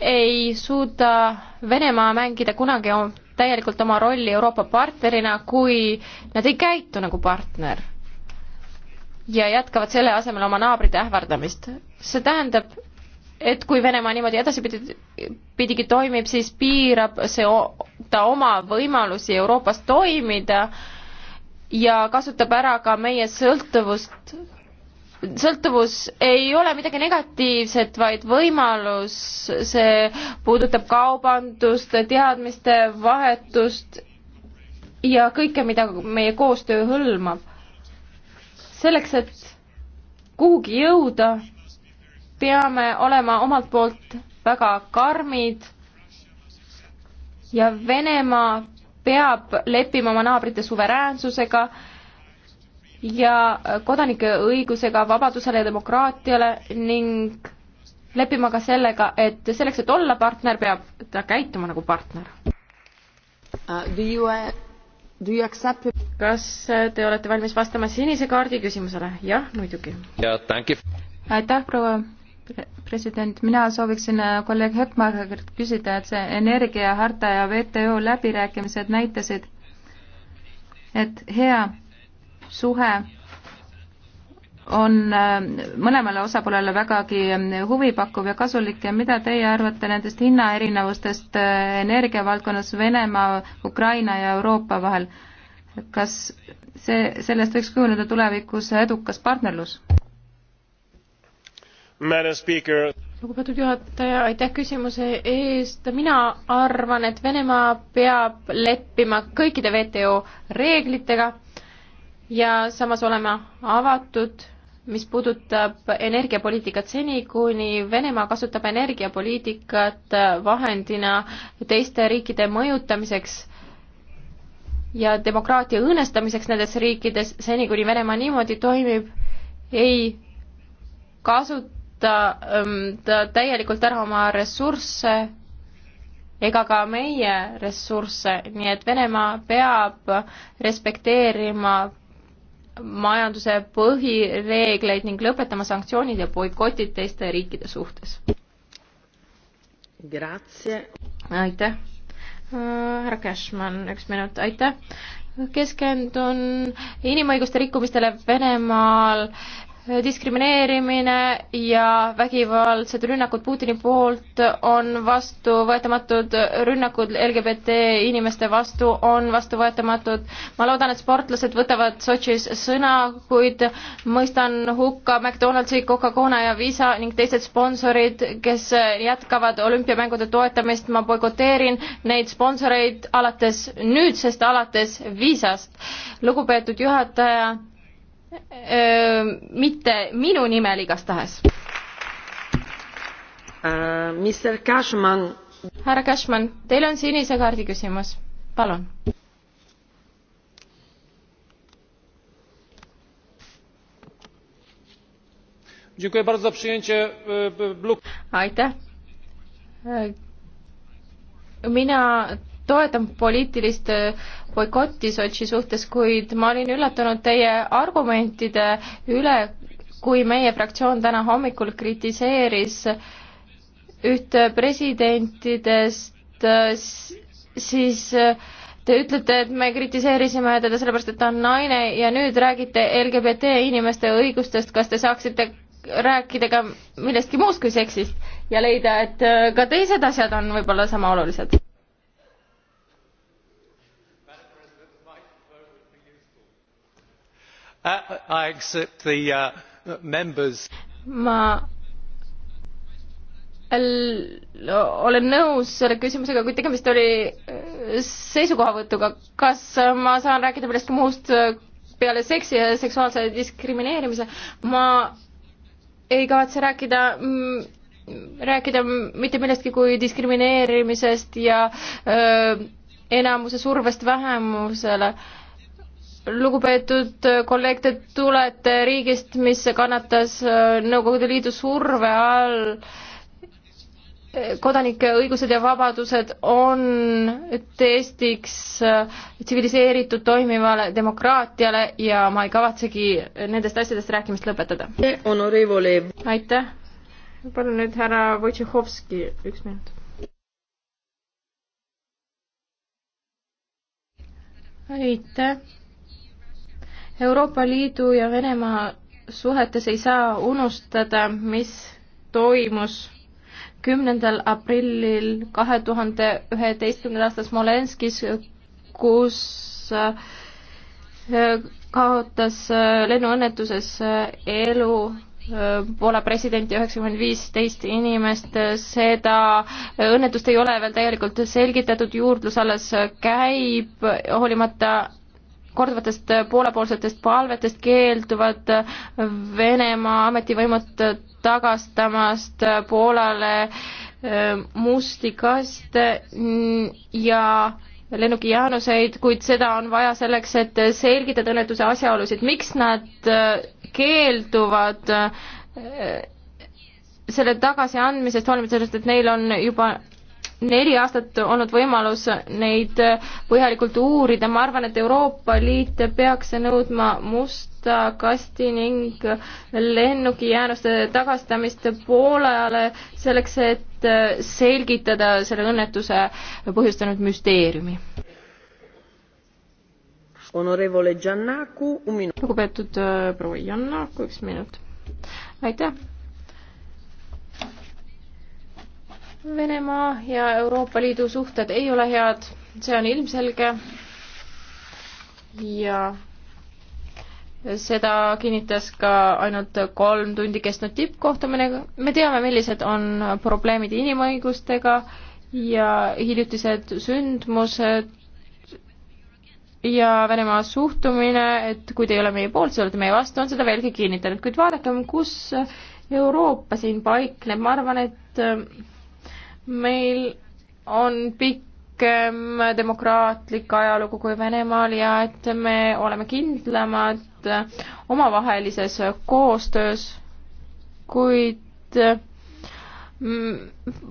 ei suuda Venemaa mängida kunagi täielikult oma rolli Euroopa partnerina, kui nad ei käitu nagu partner ja jätkavad selle asemel oma naabrite ähvardamist. see tähendab, et kui Venemaa niimoodi edaspidi, pidigi toimib, siis piirab see ta oma võimalusi Euroopas toimida äh, ja kasutab ära ka meie sõltuvust. sõltuvus ei ole midagi negatiivset, vaid võimalus, see puudutab kaubandust, teadmiste vahetust ja kõike, mida meie koostöö hõlmab. selleks, et kuhugi jõuda, peame olema omalt poolt väga karmid ja Venemaa peab leppima oma naabrite suveräänsusega ja kodanike õigusega vabadusele ja demokraatiale ning leppima ka sellega, et selleks, et olla partner, peab ta käituma nagu partner uh,. uh accept... kas te olete valmis vastama sinise kaardi küsimusele? jah, muidugi yeah,. aitäh, proua president, mina sooviksin äh, kolleeg Hökmarkilt küsida, et see energiaharta ja WTO läbirääkimised näitasid, et hea suhe on äh, mõlemale osapoolele vägagi ähm, huvipakkuv ja kasulik ja mida teie arvate nendest hinnaerinevustest äh, energiavaldkonnas Venemaa, Ukraina ja Euroopa vahel? kas see, sellest võiks kujuneda tulevikus edukas partnerlus? lugupeetud juhataja, aitäh küsimuse eest. mina arvan, et Venemaa peab leppima kõikide WTO reeglitega ja samas olema avatud, mis puudutab energiapoliitikat seni, kuni Venemaa kasutab energiapoliitikat vahendina teiste riikide mõjutamiseks ja demokraatia õõnestamiseks nendes riikides, seni kuni Venemaa niimoodi toimib, ei kasuta kasuta ähm, täielikult ära oma ressursse ega ka meie ressursse, nii et Venemaa peab respekteerima majanduse põhireegleid ning lõpetama sanktsioonid ja boikotid teiste riikide suhtes. aitäh. Äh, härra Cashman, üks minut, aitäh keskendun inimõiguste rikkumistele Venemaal diskrimineerimine ja vägivaldsed rünnakud Putini poolt on vastuvõetamatud, rünnakud LGBT inimeste vastu on vastuvõetamatud. ma loodan, et sportlased võtavad Sotšis sõna, kuid mõistan hukka McDonaldsi, Coca-Cola ja Visa ning teised sponsorid, kes jätkavad olümpiamängude toetamist. ma boikoteerin neid sponsoreid alates nüüdsest, alates Visast. lugupeetud juhataja mitte minu nimel igastahes uh,. härra Cashman, teil on sinise kaardi küsimus, palun. E, e, aitäh mina toetan poliitilist äh, boikotti Sotši suhtes, kuid ma olin üllatunud teie argumentide üle, kui meie fraktsioon täna hommikul kritiseeris ühte presidentidest, äh, siis äh, Te ütlete, et me kritiseerisime teda sellepärast, et ta on naine ja nüüd räägite LGBT inimeste õigustest, kas te saaksite rääkida ka millestki muust kui seksist ja leida, et ka teised asjad on võib-olla sama olulised? Uh, uh, ma olen nõus selle küsimusega, kuid tegemist oli äh, seisukohavõtuga. kas ma saan rääkida millestki muust äh, peale seksi ja seksuaalse diskrimineerimise? ma ei kavatse rääkida rääkida mitte millestki kui diskrimineerimisest ja öö, äh, enamuse survest vähemusele äh, lugupeetud kolleeg, te tulete riigist, mis kannatas äh, Nõukogude Liidu surve all. kodanike õigused ja vabadused on testiks äh, tsiviliseeritud toimivale demokraatiale ja ma ei kavatsegi nendest asjadest rääkimist lõpetada. aitäh. palun nüüd härra Wojciechowski, üks minut. aitäh Euroopa Liidu ja Venemaa suhetes ei saa unustada, mis toimus kümnendal aprillil kahe tuhande üheteistkümnendal aastal Smolenskis, kus äh, kaotas äh, lennuõnnetuses äh, elu Poola presidenti üheksakümmend viisteist inimest, seda õnnetust ei ole veel täielikult selgitatud, juurdlus alles käib, hoolimata korduvatest äh, poolepoolsetest palvetest keelduvad äh, Venemaa ametivõimud äh, tagastamast Poolale musti kaste ja lennuki jäänuseid, kuid seda on vaja selleks, et selgitada õnnetuse asjaolusid, miks nad keelduvad selle tagasiandmisest, hoolimata sellest, et neil on juba neli aastat olnud võimalus neid põhjalikult uurida, ma arvan, et Euroopa Liit peaks nõudma musta kasti ning lennukijäänuste tagastamist Poolale selleks, et selgitada selle õnnetuse põhjustanud müsteeriumi. lugupeetud äh, proua Jannaku, üks minut. aitäh Venemaa ja Euroopa Liidu suhted ei ole head, see on ilmselge. ja seda kinnitas ka ainult kolm tundi kestnud tippkohtumine. me teame, millised on probleemid inimõigustega ja hiljutised sündmused ja Venemaa suhtumine, et kui te ei ole meie poolt, siis olete meie vastu, on seda veelgi kinnitanud, kuid vaadakem, kus Euroopa siin paikneb, ma arvan, et meil on pikem demokraatlik ajalugu kui Venemaal ja et me oleme kindlamad omavahelises koostöös, kuid mm,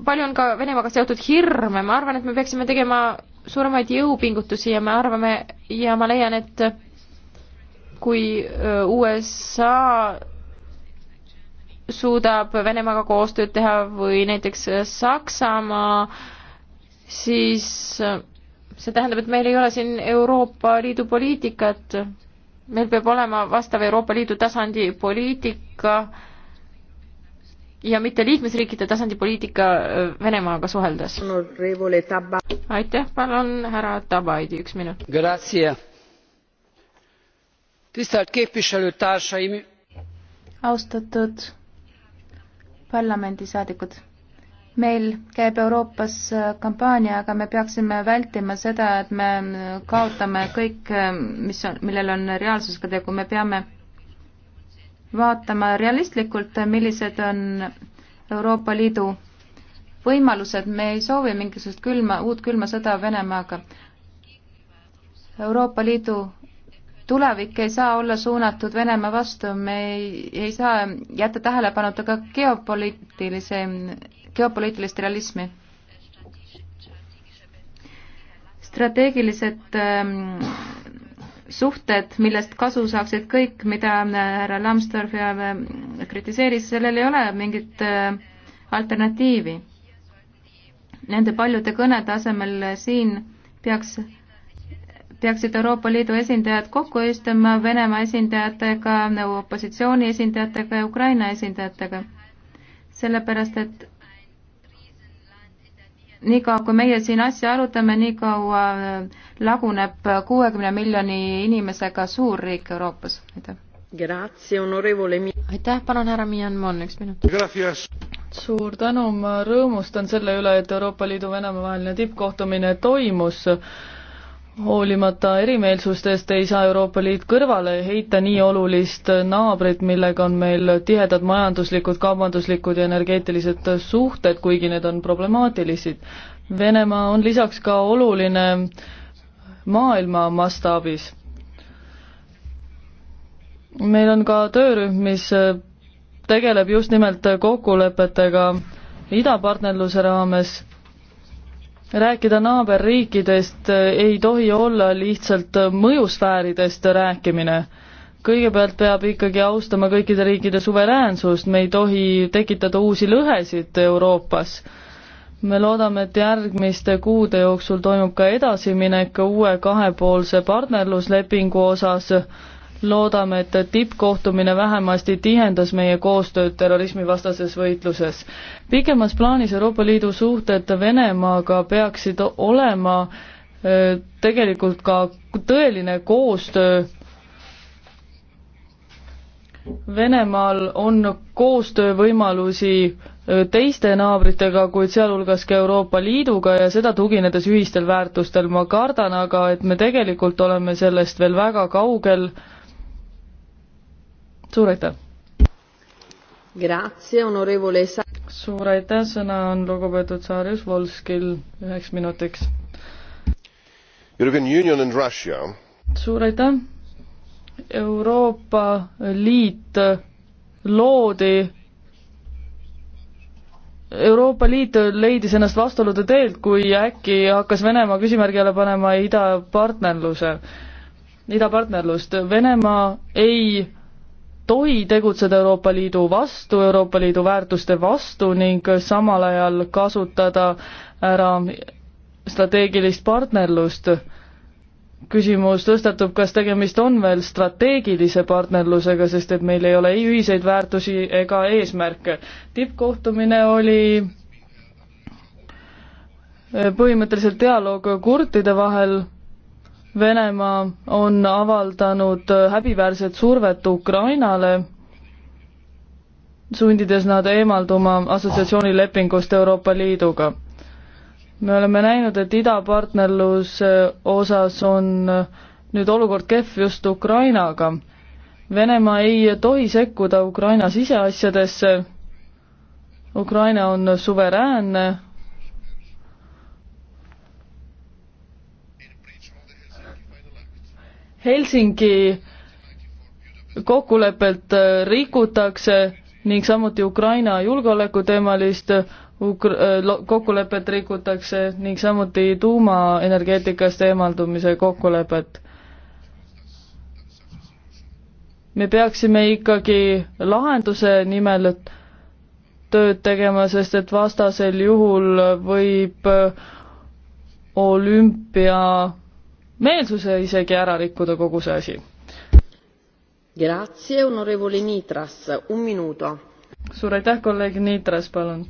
palju on ka Venemaaga seotud hirme, ma arvan, et me peaksime tegema suuremaid jõupingutusi ja me arvame ja ma leian, et kui USA suudab Venemaaga koostööd teha või näiteks Saksamaa, siis see tähendab, et meil ei ole siin Euroopa Liidu poliitikat, meil peab olema vastav Euroopa Liidu tasandi poliitika ja mitte liikmesriikide tasandi poliitika äh, Venemaaga suheldes. aitäh, palun härra Tabaidi, üks minut. austatud parlamendisaadikud meil käib Euroopas äh, kampaania, aga me peaksime vältima seda, et me äh, kaotame kõik, äh, mis on, millel on reaalsusega tegu, me peame vaatama realistlikult, millised on Euroopa Liidu võimalused, me ei soovi mingisugust külma, uut külma sõda Venemaaga. Euroopa Liidu tulevik ei saa olla suunatud Venemaa vastu, me ei, ei saa jätta tähelepanuta ka geopoliitilise, geopoliitilist realismi. strateegilised ähm, suhted, millest kasu saaksid kõik, mida äh, härra Lambsdorff ja ähm, kritiseeris, sellel ei ole mingit äh, alternatiivi. Nende paljude kõnede asemel siin peaks peaksid Euroopa Liidu esindajad kokku istuma Venemaa esindajatega, opositsiooni esindajatega ja Ukraina esindajatega. sellepärast, et niikaua, kui meie siin asja arutame, niikaua äh, laguneb kuuekümne miljoni inimesega suur riik Euroopas. aitäh, palun härra Mianmon, üks minut. suur tänu, ma rõõmustan selle üle, et Euroopa Liidu Venemaa vaheline tippkohtumine toimus hoolimata erimeelsustest ei saa Euroopa Liit kõrvale heita nii olulist naabrit, millega on meil tihedad majanduslikud, kaubanduslikud ja energeetilised suhted, kuigi need on problemaatilised. Venemaa on lisaks ka oluline maailma mastaabis. meil on ka töörühm, mis tegeleb just nimelt kokkulepetega idapartnerluse raames rääkida naaberriikidest eh, ei tohi olla lihtsalt eh, mõjusfääridest rääkimine. kõigepealt peab ikkagi austama kõikide riikide suveräänsust, me ei tohi tekitada uusi lõhesid Euroopas. me loodame, et järgmiste kuude jooksul toimub ka edasiminek uue kahepoolse partnerluslepingu osas loodame, et tippkohtumine vähemasti tihendas meie koostööd terrorismivastases võitluses. pikemas plaanis Euroopa Liidu suhted Venemaaga peaksid olema tegelikult ka tõeline koostöö. Venemaal on koostöövõimalusi teiste naabritega, kuid sealhulgas ka Euroopa Liiduga ja seda tuginedes ühistel väärtustel. ma kardan aga, et me tegelikult oleme sellest veel väga kaugel äh, suur aitäh! suur aitäh, sõna on lugupeetud Saarjus Volskil üheks minutiks. suur aitäh! Euroopa Liit loodi Euroopa Liit leidis ennast vastuolude teelt, kui äkki hakkas Venemaa küsimärgi alla panema idapartnerluse, idapartnerlust. Venemaa ei tohi tegutseda Euroopa Liidu vastu, Euroopa Liidu väärtuste vastu ning samal ajal kasutada ära strateegilist partnerlust. küsimus tõstatub, kas tegemist on veel strateegilise partnerlusega, sest et meil ei ole ei ühiseid väärtusi ega eesmärke. tippkohtumine oli eh, põhimõtteliselt dialoog kurtide vahel Venemaa on avaldanud häbiväärset survet Ukrainale, sundides nad eemalduma assotsiatsioonilepingust Euroopa Liiduga. me oleme näinud, et idapartnerluse osas on nüüd olukord kehv just Ukrainaga. Venemaa ei tohi sekkuda Ukraina siseasjadesse, Ukraina on suveräänne Helsingi äh, äh, kokkulepet rikutakse ning samuti Ukraina julgeolekuteemalist Uk-, kokkulepet rikutakse ning samuti tuumaenergeetikast eemaldumise kokkulepet. me peaksime ikkagi lahenduse nimel tööd tegema, sest et vastasel juhul võib äh, olümpia meelsuse isegi ära rikkuda, kogu see asi. Grazie, onorevole Nitras, un minuto. suur aitäh, kolleeg Nitras, palun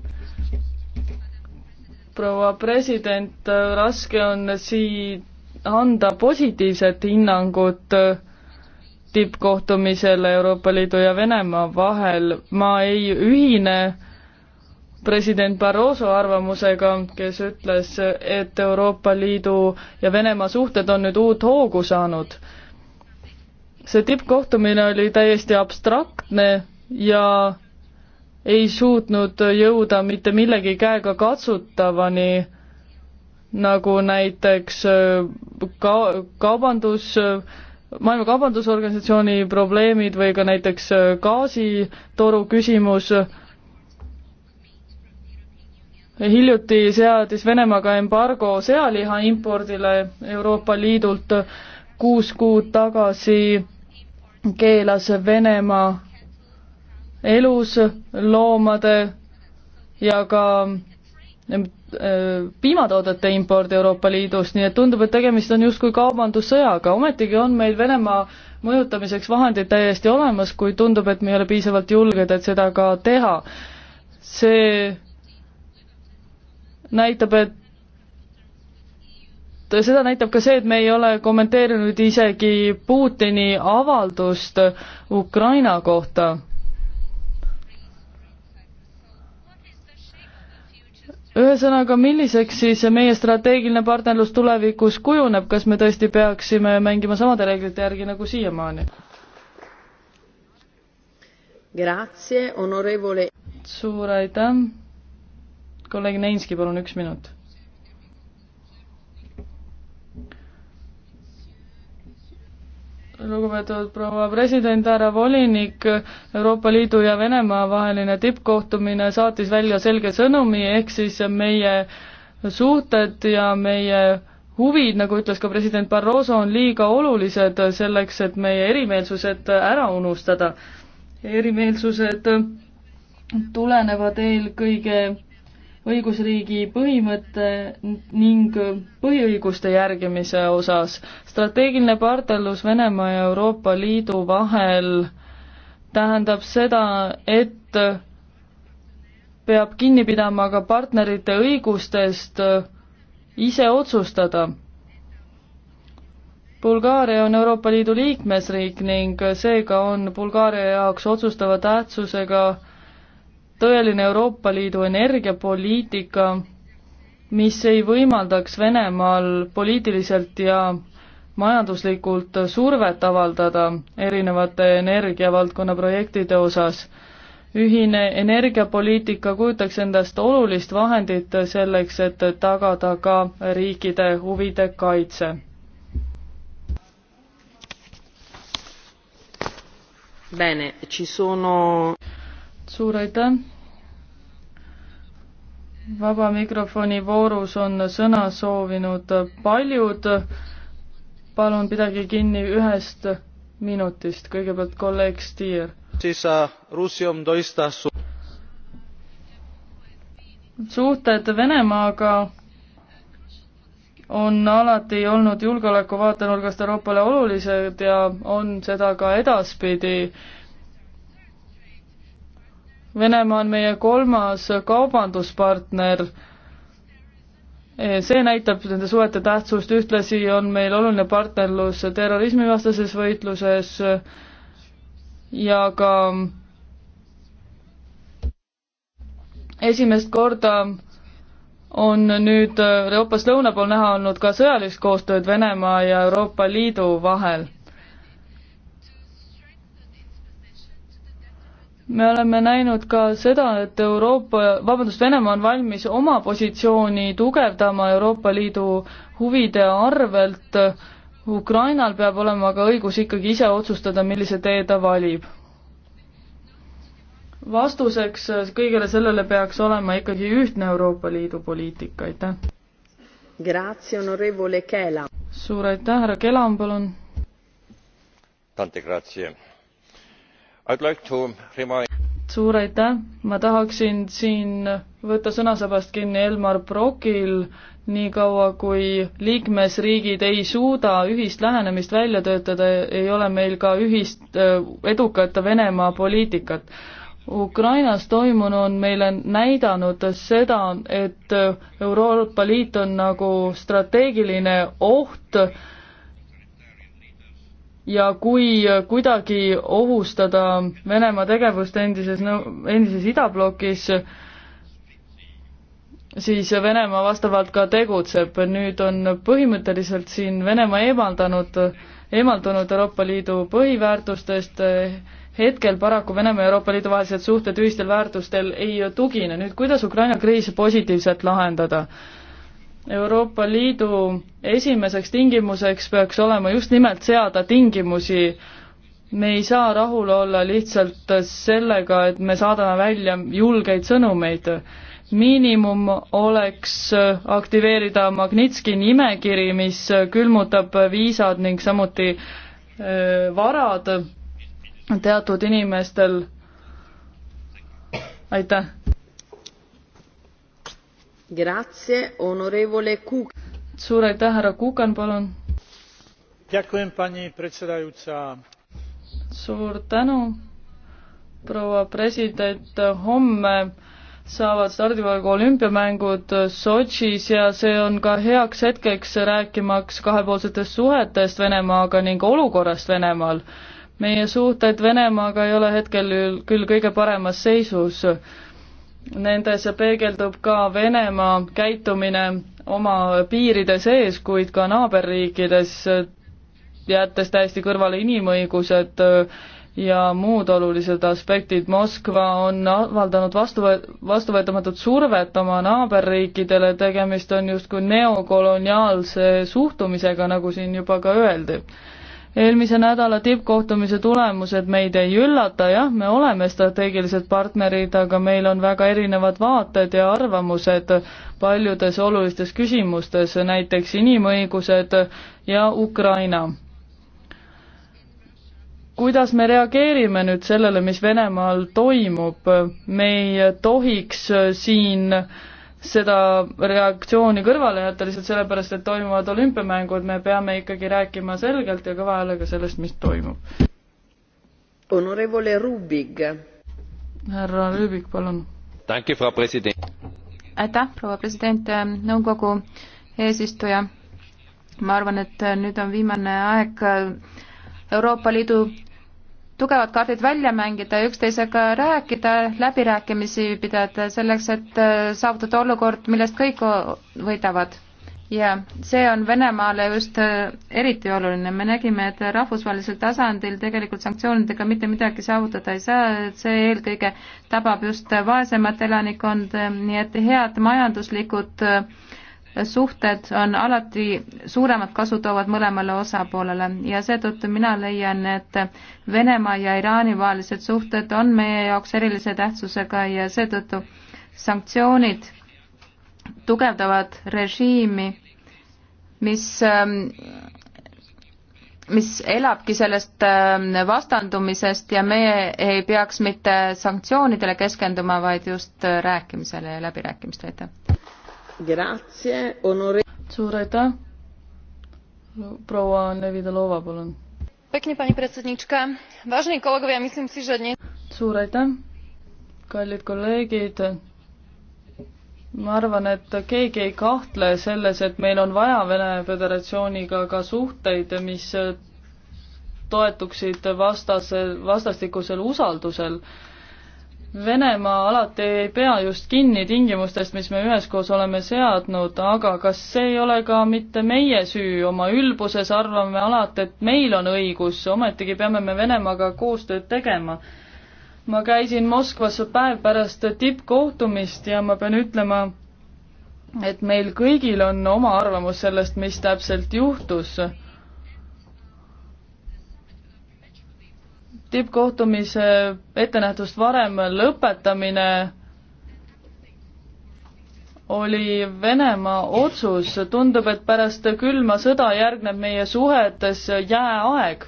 proua president, raske on siin anda positiivset hinnangut tippkohtumisele Euroopa Liidu ja Venemaa vahel. ma ei ühine president Barroso arvamusega, kes ütles, et Euroopa Liidu ja Venemaa suhted on nüüd uut hoogu saanud. see tippkohtumine oli täiesti abstraktne ja ei suutnud jõuda mitte millegi käegakatsutavani, nagu näiteks äh, ka-, kaubandus, maailma Kaubandusorganisatsiooni probleemid või ka näiteks äh, gaasitoru küsimus, hiljuti seadis Venemaaga embargo sealiha impordile Euroopa Liidult, kuus kuud tagasi keelas Venemaa elusloomade ja ka äh, piimatoodete import Euroopa Liidust, nii et tundub, et tegemist on justkui kaubandussõjaga, ometigi on meil Venemaa mõjutamiseks vahendid täiesti olemas, kuid tundub, et me ei ole piisavalt julged, et seda ka teha. see näitab, et seda näitab ka see, et me ei ole kommenteerinud isegi Putini avaldust Ukraina kohta. ühesõnaga, milliseks siis meie strateegiline partnerlus tulevikus kujuneb, kas me tõesti peaksime mängima samade reeglite järgi nagu siiamaani? suur aitäh! kolleeg Neinski, palun üks minut. lugupeetud proua president, härra volinik, Euroopa Liidu ja Venemaa vaheline tippkohtumine saatis välja selge sõnumi, ehk siis meie suhted ja meie huvid, nagu ütles ka president Barroso, on liiga olulised selleks, et meie erimeelsused ära unustada. erimeelsused tulenevad eelkõige õigusriigi põhimõtte ning põhiõiguste järgimise osas. strateegiline partnerlus Venemaa ja Euroopa Liidu vahel tähendab seda, et peab kinni pidama ka partnerite õigustest ise otsustada. Bulgaaria on Euroopa Liidu liikmesriik ning seega on Bulgaaria jaoks otsustava tähtsusega tõeline Euroopa Liidu energiapoliitika, mis ei võimaldaks Venemaal poliitiliselt ja majanduslikult survet avaldada erinevate energiavaldkonna projektide osas. ühine energiapoliitika kujutaks endast olulist vahendit selleks, et tagada ka riikide huvide kaitse. Bene, ci sono suur aitäh! vaba mikrofoni voorus on sõna soovinud paljud. palun pidage kinni ühest minutist, kõigepealt kolleeg Stier. siis Russium toistas. suhted Venemaaga on alati olnud julgeoleku vaatenurgast Euroopale olulised ja on seda ka edaspidi Venemaa on meie kolmas kaubanduspartner. Eh, see näitab nende suhete tähtsust, ühtlasi on meil oluline partnerlus terrorismivastases võitluses ja ka esimest korda on nüüd Euroopas lõuna pool näha olnud ka sõjalist koostööd Venemaa ja Euroopa Liidu vahel me oleme näinud ka seda, et Euroopa, vabandust, Venemaa on valmis oma positsiooni tugevdama Euroopa Liidu huvide arvelt. Ukrainal peab olema ka õigus ikkagi ise otsustada, millise tee ta valib. vastuseks kõigele sellele peaks olema ikkagi ühtne Euroopa Liidu poliitika, aitäh. suur aitäh, härra Kelam, palun. Tante grazie Like to... suur aitäh, ma tahaksin siin võtta sõnasabast kinni Elmar Brokil, niikaua kui liikmesriigid ei suuda ühist lähenemist välja töötada, ei ole meil ka ühist äh, edukat Venemaa poliitikat. Ukrainas toimunu on meile näidanud seda, et Euroopa Liit on nagu strateegiline oht ja kui kuidagi ohustada Venemaa tegevust endises nõu-, endises idablokis, siis Venemaa vastavalt ka tegutseb, nüüd on põhimõtteliselt siin Venemaa eemaldanud, eemaldunud Euroopa Liidu põhiväärtustest, hetkel paraku Venemaa ja Euroopa Liidu vahelised suhted ühistel väärtustel ei tugine, nüüd kuidas Ukraina kriisi positiivselt lahendada? Euroopa Liidu esimeseks tingimuseks peaks olema just nimelt seada tingimusi. me ei saa rahul olla lihtsalt sellega, et me saadame välja julgeid sõnumeid. miinimum oleks aktiveerida Magnitski nimekiri, mis külmutab viisad ning samuti äh, varad teatud inimestel. aitäh! suur aitäh, härra Kukan, palun. suur tänu, proua president, homme saavad stardivõrgu olümpiamängud Sotšis ja see on ka heaks hetkeks rääkimaks kahepoolsetest suhetest Venemaaga ning olukorrast Venemaal. meie suhted Venemaaga ei ole hetkel küll kõige paremas seisus Nendes peegeldub ka Venemaa käitumine oma piiride sees, kuid ka naaberriikides, jättes täiesti kõrvale inimõigused äh, ja muud olulised aspektid. Moskva on avaldanud vastu, vastuvõetamatut survet oma naaberriikidele, tegemist on justkui neokoloniaalse suhtumisega, nagu siin juba ka öeldi eelmise nädala tippkohtumise tulemused meid ei üllata, jah, me oleme strateegilised partnerid, aga meil on väga erinevad vaated ja arvamused paljudes olulistes küsimustes, näiteks inimõigused ja Ukraina. kuidas me reageerime nüüd sellele, mis Venemaal toimub, me ei tohiks siin äh, seda reaktsiooni kõrvale jätta lihtsalt sellepärast, et toimuvad olümpiamängud, me peame ikkagi rääkima selgelt ja kõva häälega sellest, mis toimub. Honorevole Rubig. härra Rubig, palun. aitäh, proua president, äh, nõukogu eesistuja. ma arvan, et äh, nüüd on viimane aeg äh, Euroopa Liidu tugevad kaardid välja mängida ja üksteisega rääkida, läbirääkimisi pidada selleks, et äh, saavutada olukord, millest kõik võidavad. ja see on Venemaale just äh, eriti oluline, me nägime, et rahvusvahelisel tasandil tegelikult sanktsioonidega mitte midagi saavutada ei saa, et see eelkõige tabab just vaesemat elanikkonda, nii et head majanduslikud äh, suhted on alati suuremat kasu toovad mõlemale osapoolele ja seetõttu mina leian, et Venemaa ja Iraani vahelised suhted on meie jaoks erilise tähtsusega ja seetõttu sanktsioonid tugevdavad režiimi, mis, ähm, mis elabki sellest ähm, vastandumisest ja meie ei peaks mitte sanktsioonidele keskenduma, vaid just äh, rääkimisele ja läbirääkimistele, aitäh! suur aitäh! proua Nevidalova, palun. suur aitäh, kallid kolleegid. ma arvan, et keegi ei kahtle selles, et meil on vaja Vene Föderatsiooniga ka suhteid, mis toetuksid vastase, vastastikusel usaldusel Venemaa alati ei pea just kinni tingimustest, mis me üheskoos oleme seadnud, aga kas see ei ole ka mitte meie süü, oma ülbuses arvame alati, et meil on õigus, ometigi peame me Venemaaga koostööd tegema. ma käisin Moskvas päev pärast tippkohtumist ja ma pean ütlema, et meil kõigil on oma arvamus sellest, mis täpselt juhtus tippkohtumise ettenähtust varem lõpetamine oli Venemaa otsus, tundub, et pärast külma sõda järgneb meie suhetes jääaeg.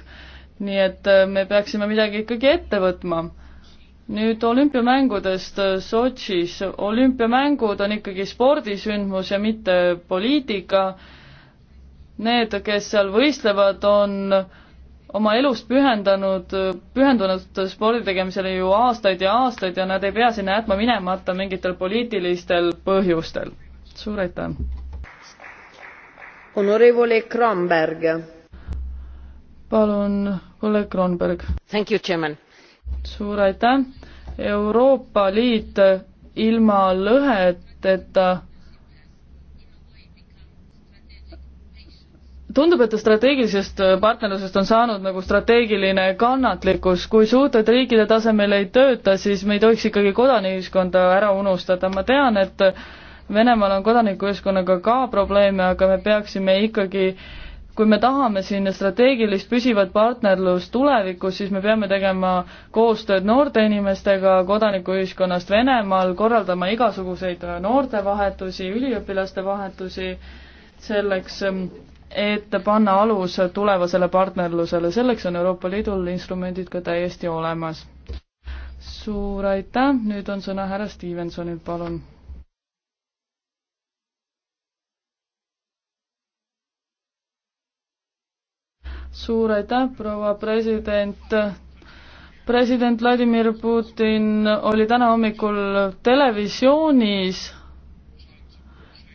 nii et äh, me peaksime midagi ikkagi ette võtma. nüüd olümpiamängudest Sotšis, olümpiamängud on ikkagi spordisündmus ja mitte poliitika. Need, kes seal võistlevad, on äh, oma elust pühendanud, pühendunud spordi tegemisele ju aastaid ja aastaid ja nad ei pea sinna jätma minemata mingitel poliitilistel põhjustel. suur aitäh! Honorevole Kramberg. palun, kolleeg Kronberg. suur aitäh! Euroopa Liit ilma lõheteta tundub, et strateegilisest äh, partnerlusest on saanud nagu strateegiline kannatlikkus, kui suurte riikide tasemel ei tööta, siis me ei tohiks ikkagi kodanikuühiskonda ära unustada, ma tean, et Venemaal on kodanikuühiskonnaga ka probleeme, aga me peaksime ikkagi kui me tahame siin strateegilist püsivat partnerlust tulevikus, siis me peame tegema koostööd noorte inimestega kodanikuühiskonnast Venemaal, korraldama igasuguseid noortevahetusi, üliõpilaste vahetusi, selleks ähm, et panna alus tulevasele partnerlusele, selleks on Euroopa Liidul instrumendid ka täiesti olemas. suur aitäh, nüüd on sõna härra Stevensonil, palun. suur aitäh, proua president, president Vladimir Putin oli täna hommikul televisioonis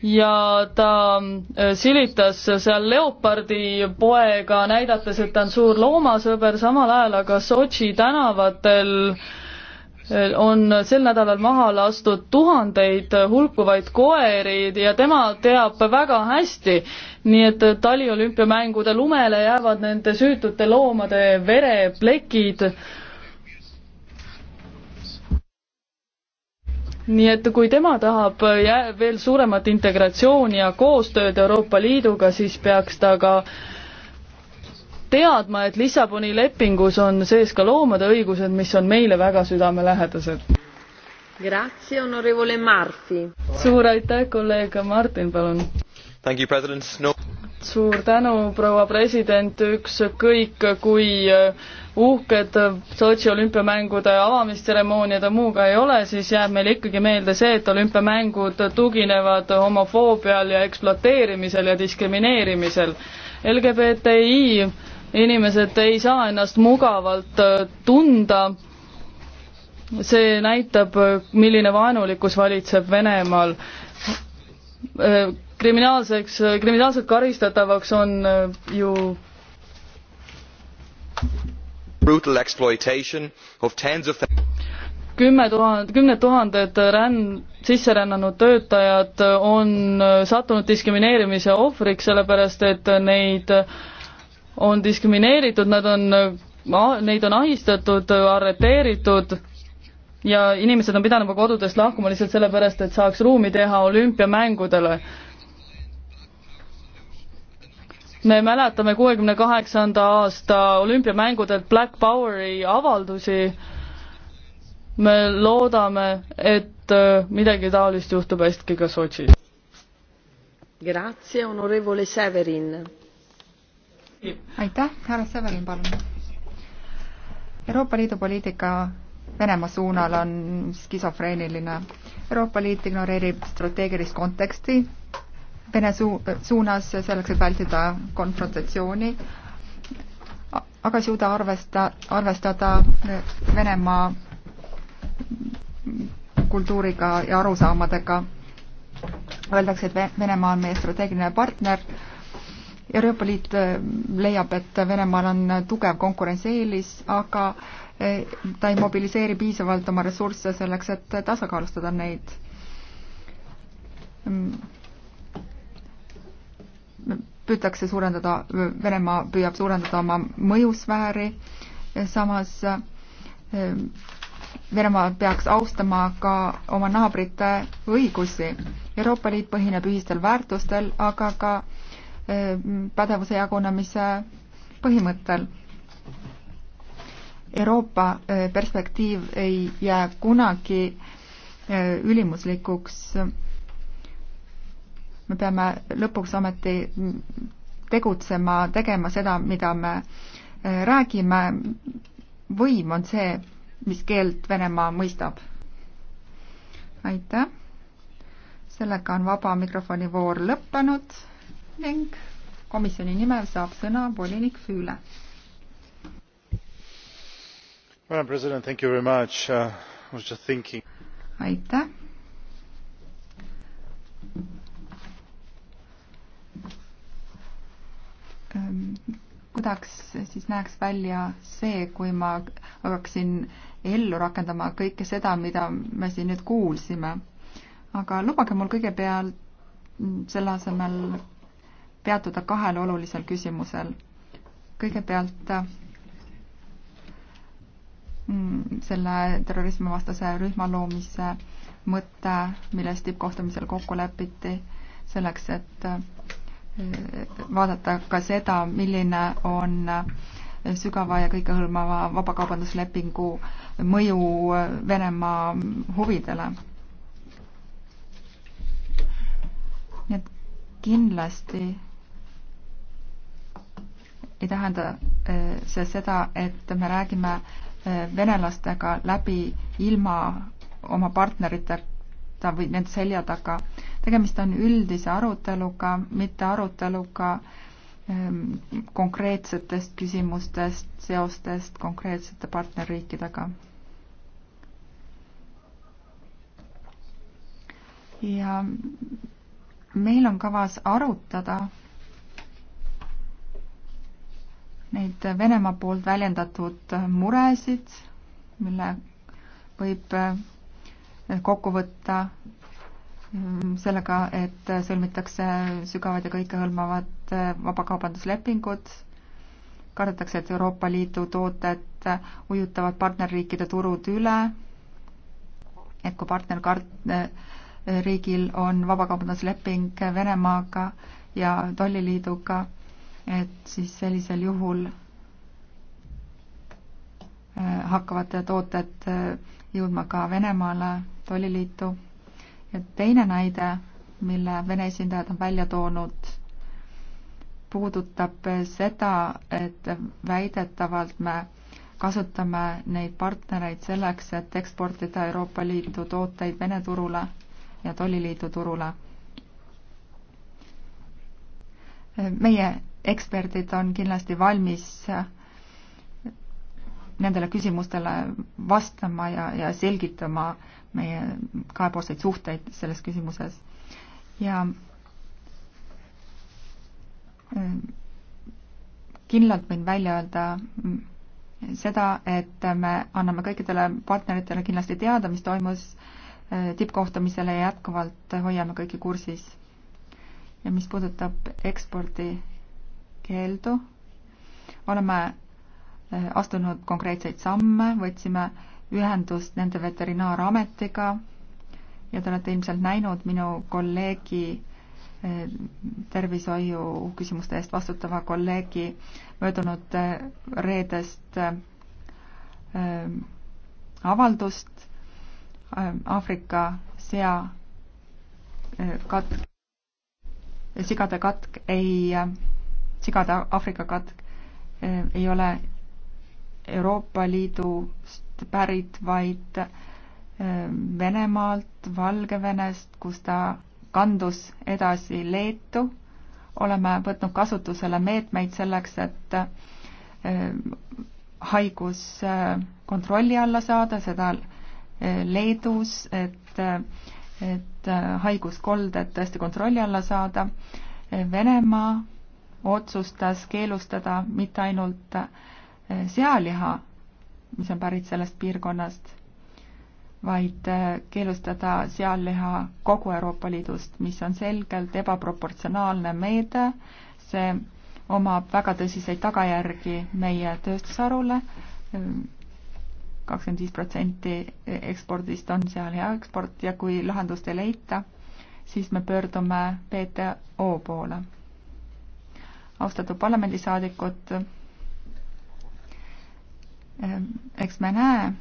ja ta äh, silitas seal Leopardi poega, näidates, et ta on suur loomasõber, samal ajal aga Sotši tänavatel äh, on sel nädalal maha lastud tuhandeid hulkuvaid koeri ja tema teab väga hästi, nii et taliolümpiamängude lumele jäävad nende süütute loomade vereplekid nii et kui tema tahab veel suuremat integratsiooni ja koostööd Euroopa Liiduga, siis peaks ta ka teadma, et Lissaboni lepingus on sees ka loomade õigused, mis on meile väga südamelähedased. suur aitäh, kolleeg Martin, palun! No suur tänu, proua president, ükskõik kui äh, uhked Sotši olümpiamängude avamistseremooniad ja muuga ei ole, siis jääb meile ikkagi meelde see, et olümpiamängud tuginevad homofoobial ja ekspluateerimisel ja diskrimineerimisel. LGBTI inimesed ei saa ennast mugavalt äh, tunda, see näitab, milline vaenulikkus valitseb Venemaal äh, kriminaalseks, kriminaalselt karistatavaks on äh, ju brutal exploitation of tens of kümme tuhat, kümned tuhanded ränn-, sisserännanud töötajad on äh, sattunud diskrimineerimise ohvriks, sellepärast et neid on diskrimineeritud, nad on, äh, ah, neid on ahistatud, arreteeritud ja inimesed on pidanud oma kodudest lahkuma lihtsalt sellepärast, et saaks ruumi teha olümpiamängudele me mäletame kuuekümne kaheksanda aasta olümpiamängudelt Black Poweri avaldusi. me loodame, et äh, midagi taolist juhtub hästi ka Sotšis. Grazie, onorevole Severin. aitäh, härra Severin, palun. Euroopa Liidu poliitika Venemaa suunal on skisofreeniline. Euroopa Liit ignoreerib strateegilist konteksti, Vene su-, suunas selleks, et vältida konfrontatsiooni, aga ei suuda arvesta, arvestada Venemaa kultuuriga ja arusaamadega. Öeldakse, et Venemaa on meie strateegiline partner, Euroopa Liit äh, leiab, et Venemaal on tugev konkurentsieelis, aga äh, ta ei mobiliseeri piisavalt oma ressursse selleks, et tasakaalustada neid mm püütakse suurendada, Venemaa püüab suurendada oma mõjusfääri, samas eh, Venemaa peaks austama ka oma naabrite õigusi. Euroopa Liit põhineb ühistel väärtustel, aga ka eh, pädevuse jagunemise põhimõttel. Euroopa eh, perspektiiv ei jää kunagi ülimuslikuks me peame lõpuks ometi tegutsema, tegema seda, mida me äh, räägime. võim on see, mis keelt Venemaa mõistab. aitäh. sellega on vaba mikrofoni voor lõppenud ning komisjoni nimel saab sõna volinik Füüle. Madam President, thank you very much uh,. I was just thinking. aitäh Ähm, kuidas siis näeks välja see, kui ma hakkaksin ellu rakendama kõike seda, mida me siin nüüd kuulsime. aga lubage mul kõigepealt selle asemel peatuda kahel olulisel küsimusel. kõigepealt mm, selle terrorismivastase rühma loomise mõte, milles tippkohtumisel kokku lepiti, selleks et vaadata ka seda, milline on sügava ja kõikehõlmava vabakaubanduslepingu mõju Venemaa huvidele. nii et kindlasti ei tähenda eh, see seda, et me räägime eh, venelastega läbi ilma oma partneriteta või nende selja taga tegemist on üldise aruteluga, mitte aruteluga ehm, konkreetsetest küsimustest, seostest konkreetsete partnerriikidega. ja meil on kavas arutada neid Venemaa poolt väljendatud muresid, mille võib kokku võtta Mm, sellega, et sõlmitakse sügavad ja kõikehõlmavad äh, vabakaubanduslepingud, kardetakse, et Euroopa Liidu tooted ujutavad partnerriikide turud üle, et kui partnerriigil äh, on vabakaubandusleping Venemaaga ja tolliliiduga, et siis sellisel juhul äh, hakkavad tooted jõudma ka Venemaale, tolliliitu ja teine näide, mille Vene esindajad on välja toonud, puudutab seda, et väidetavalt me kasutame neid partnereid selleks, et eksportida Euroopa Liidu tooteid Vene turule ja tolliliidu turule. meie eksperdid on kindlasti valmis nendele küsimustele vastama ja, ja selgitama äh, meie kahepoolseid suhteid selles küsimuses ja äh, kindlalt võin välja öelda mm, seda, et me anname kõikidele partneritele kindlasti teada, mis toimus äh, tippkohtumisele ja jätkuvalt hoiame kõiki kursis. ja mis puudutab ekspordikeeldu, oleme äh, astunud konkreetseid samme, võtsime ühendust nende veterinaarametiga ja te olete ilmselt näinud minu kolleegi eh, tervishoiu küsimuste eest vastutava kolleegi möödunud eh, reedest eh, avaldust Aafrika sea katk, sigade katk ei, sigade Aafrika katk ei ole Euroopa Liidust Venemaalt pärit, vaid Venemaalt, Valgevenest, kus ta kandus edasi Leetu. oleme võtnud kasutusele meetmeid selleks, et haigus kontrolli alla saada, seda Leedus, et, et haiguskolded tõesti kontrolli alla saada. Venemaa otsustas keelustada mitte ainult sealiha, mis on pärit sellest piirkonnast, vaid äh, keelustada sealiha kogu Euroopa Liidust, mis on selgelt ebaproportsionaalne meede, see omab väga tõsiseid tagajärgi meie tööstusharule, kakskümmend viis protsenti ekspordist on sealiha eksport ja kui lahendust ei leita, siis me pöördume WTO poole. austatud parlamendisaadikud, Ehm, eks me näe,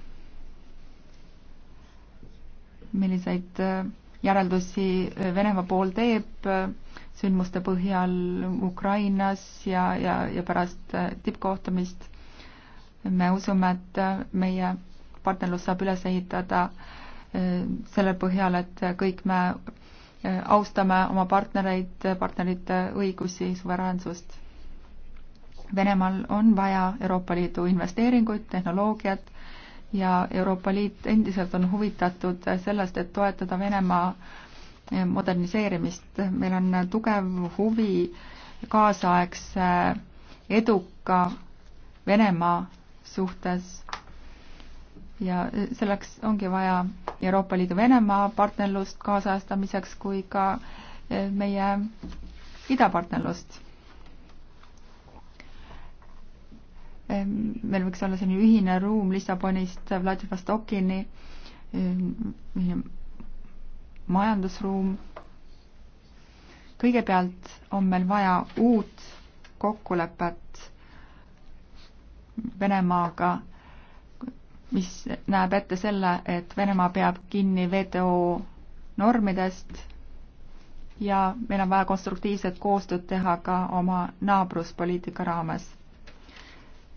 milliseid äh, järeldusi äh, Venemaa pool teeb äh, sündmuste põhjal Ukrainas ja, ja, ja pärast tippkohtumist. me usume, et meie partnerlus saab üles ehitada selle põhjal, et kõik me austame oma partnereid, partnerite õigusi, suveräänsust Venemaal on vaja Euroopa Liidu investeeringuid, tehnoloogiat ja Euroopa Liit endiselt on huvitatud sellest, et toetada Venemaa eh, moderniseerimist. meil on tugev huvi kaasaegse eduka Venemaa suhtes ja selleks ongi vaja Euroopa Liidu Venemaa partnerlust kaasajastamiseks kui ka eh, meie idapartnerlust meil võiks olla selline ühine ruum Lissabonist Vladivostokini, majandusruum. kõigepealt on meil vaja uut kokkulepet Venemaaga, mis näeb ette selle, et Venemaa peab kinni WTO normidest ja meil on vaja konstruktiivset koostööd teha ka oma naabruspoliitika raames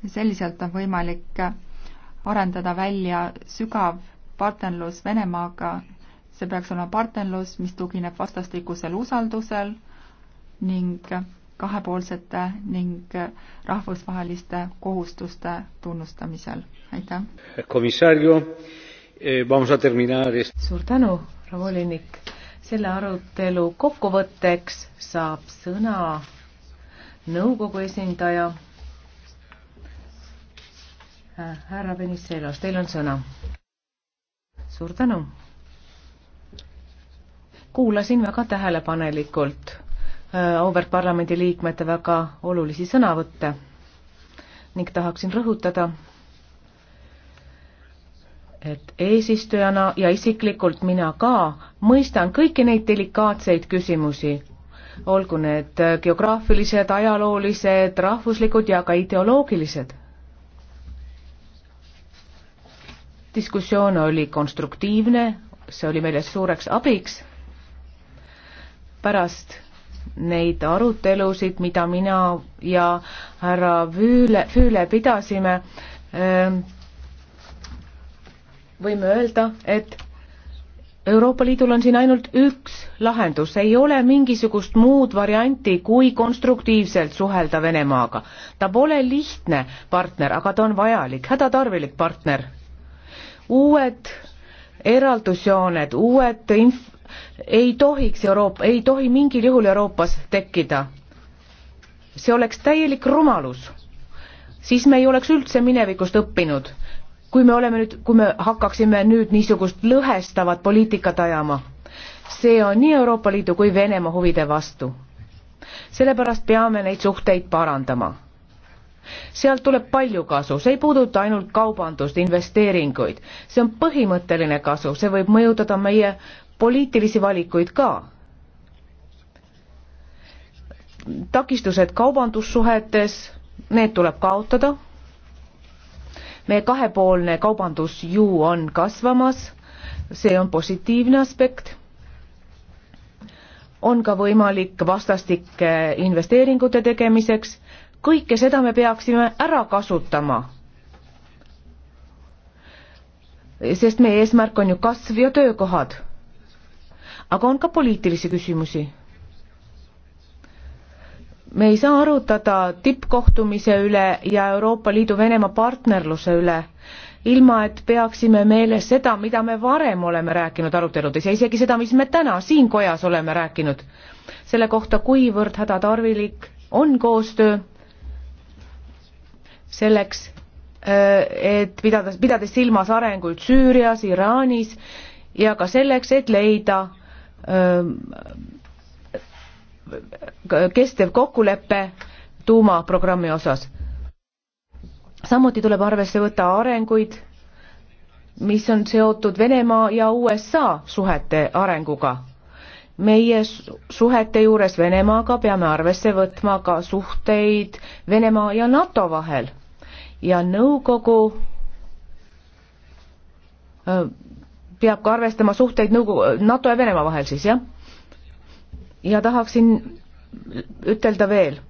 selliselt on võimalik arendada välja sügav partnerlus Venemaaga. see peaks olema partnerlus, mis tugineb vastastikusel usaldusel ning kahepoolsete ning rahvusvaheliste kohustuste tunnustamisel. aitäh! Eh, suur tänu, proua volinik! selle arutelu kokkuvõtteks saab sõna nõukogu esindaja härra Venizelos, teil on sõna. suur tänu. kuulasin väga tähelepanelikult äh, auväärt parlamendi liikmete väga olulisi sõnavõtte ning tahaksin rõhutada, et eesistujana ja isiklikult mina ka mõistan kõiki neid delikaatseid küsimusi, olgu need geograafilised, ajaloolised, rahvuslikud ja ka ideoloogilised. diskussioon oli konstruktiivne, see oli meile suureks abiks. pärast neid arutelusid, mida mina ja härra Füüle, Füüle pidasime, ähm, võime öelda, et Euroopa Liidul on siin ainult üks lahendus, ei ole mingisugust muud varianti, kui konstruktiivselt suhelda Venemaaga. ta pole lihtne partner, aga ta on vajalik, hädatarvilik partner uued eraldusjooned, uued inf-, ei tohiks Euroopa, ei tohi mingil juhul Euroopas tekkida. see oleks täielik rumalus. siis me ei oleks üldse minevikust õppinud, kui me oleme nüüd, kui me hakkaksime nüüd niisugust lõhestavat poliitikat ajama. see on nii Euroopa Liidu kui Venemaa huvide vastu. sellepärast peame neid suhteid parandama sealt tuleb palju kasu, see ei puuduta ainult kaubandust, investeeringuid, see on põhimõtteline kasu, see võib mõjutada meie poliitilisi valikuid ka. takistused kaubandussuhetes, need tuleb kaotada. meie kahepoolne kaubandus ju on kasvamas, see on positiivne aspekt on ka võimalik vastastike investeeringute tegemiseks kõike seda me peaksime ära kasutama. sest meie eesmärk on ju kasv ja töökohad. aga on ka poliitilisi küsimusi. me ei saa arutada tippkohtumise üle ja Euroopa Liidu Venemaa partnerluse üle, ilma et peaksime meeles seda, mida me varem oleme rääkinud aruteludes ja isegi seda, mis me täna siin kojas oleme rääkinud selle kohta, kuivõrd hädatarvilik on koostöö selleks, äh, et pidada, pidades silmas arenguid Süürias, Iraanis ja ka selleks, et leida äh, kestev kokkulepe tuumaprogrammi osas. samuti tuleb arvesse võtta arenguid, mis on seotud Venemaa ja USA suhete arenguga. meie suhete juures Venemaaga peame arvesse võtma ka suhteid Venemaa ja NATO vahel ja nõukogu peab ka arvestama suhteid nõukogu, NATO ja Venemaa vahel siis, jah? ja tahaksin ütelda veel,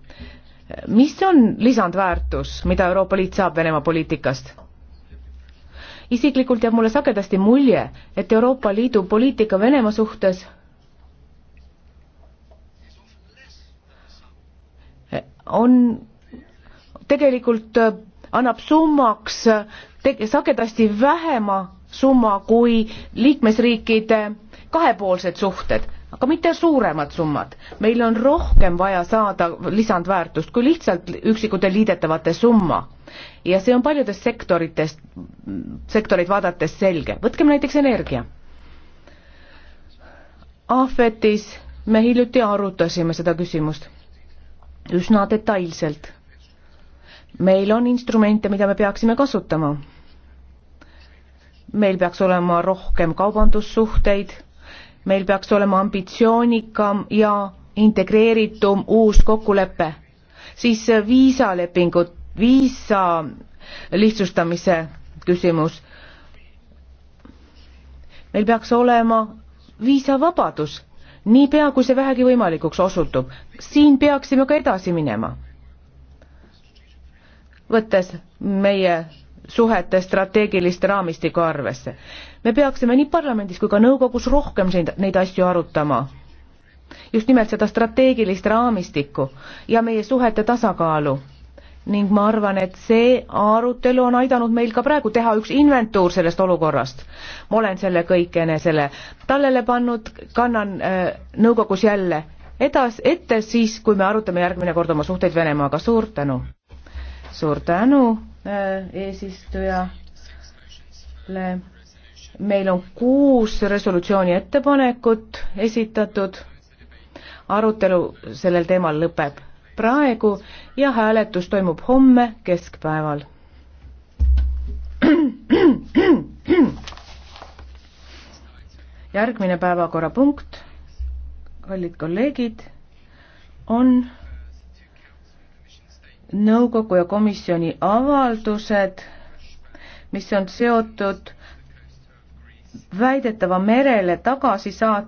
mis on lisandväärtus, mida Euroopa Liit saab Venemaa poliitikast? isiklikult jääb mulle sagedasti mulje, et Euroopa Liidu poliitika Venemaa suhtes on tegelikult annab summaks sagedasti vähema summa kui liikmesriikide kahepoolsed suhted, aga mitte suuremad summad. meil on rohkem vaja saada lisandväärtust kui lihtsalt üksikute liidetavate summa. ja see on paljudest sektoritest, sektoreid vaadates selge. võtkem näiteks energia. Ahvetis me hiljuti arutasime seda küsimust üsna detailselt meil on instrumente, mida me peaksime kasutama. meil peaks olema rohkem kaubandussuhteid, meil peaks olema ambitsioonikam ja integreeritum uus kokkulepe, siis viisalepingut, viisa lihtsustamise küsimus. meil peaks olema viisavabadus, niipea kui see vähegi võimalikuks osutub. siin peaksime ka edasi minema võttes meie suhete strateegilist raamistikku arvesse. me peaksime nii parlamendis kui ka nõukogus rohkem neid asju arutama. just nimelt seda strateegilist raamistikku ja meie suhete tasakaalu ning ma arvan, et see arutelu on aidanud meil ka praegu teha üks inventuur sellest olukorrast. ma olen selle kõik enesele tallele pannud, kannan äh, nõukogus jälle edas-, ette siis, kui me arutame järgmine kord oma suhteid Venemaaga, suur tänu! suur tänu äh, eesistujale. meil on kuus resolutsiooni ettepanekut esitatud. arutelu sellel teemal lõpeb praegu ja hääletus toimub homme keskpäeval. järgmine päevakorrapunkt, kallid kolleegid, on nõukogu ja komisjoni avaldused, mis on seotud väidetava merele tagasisaat-.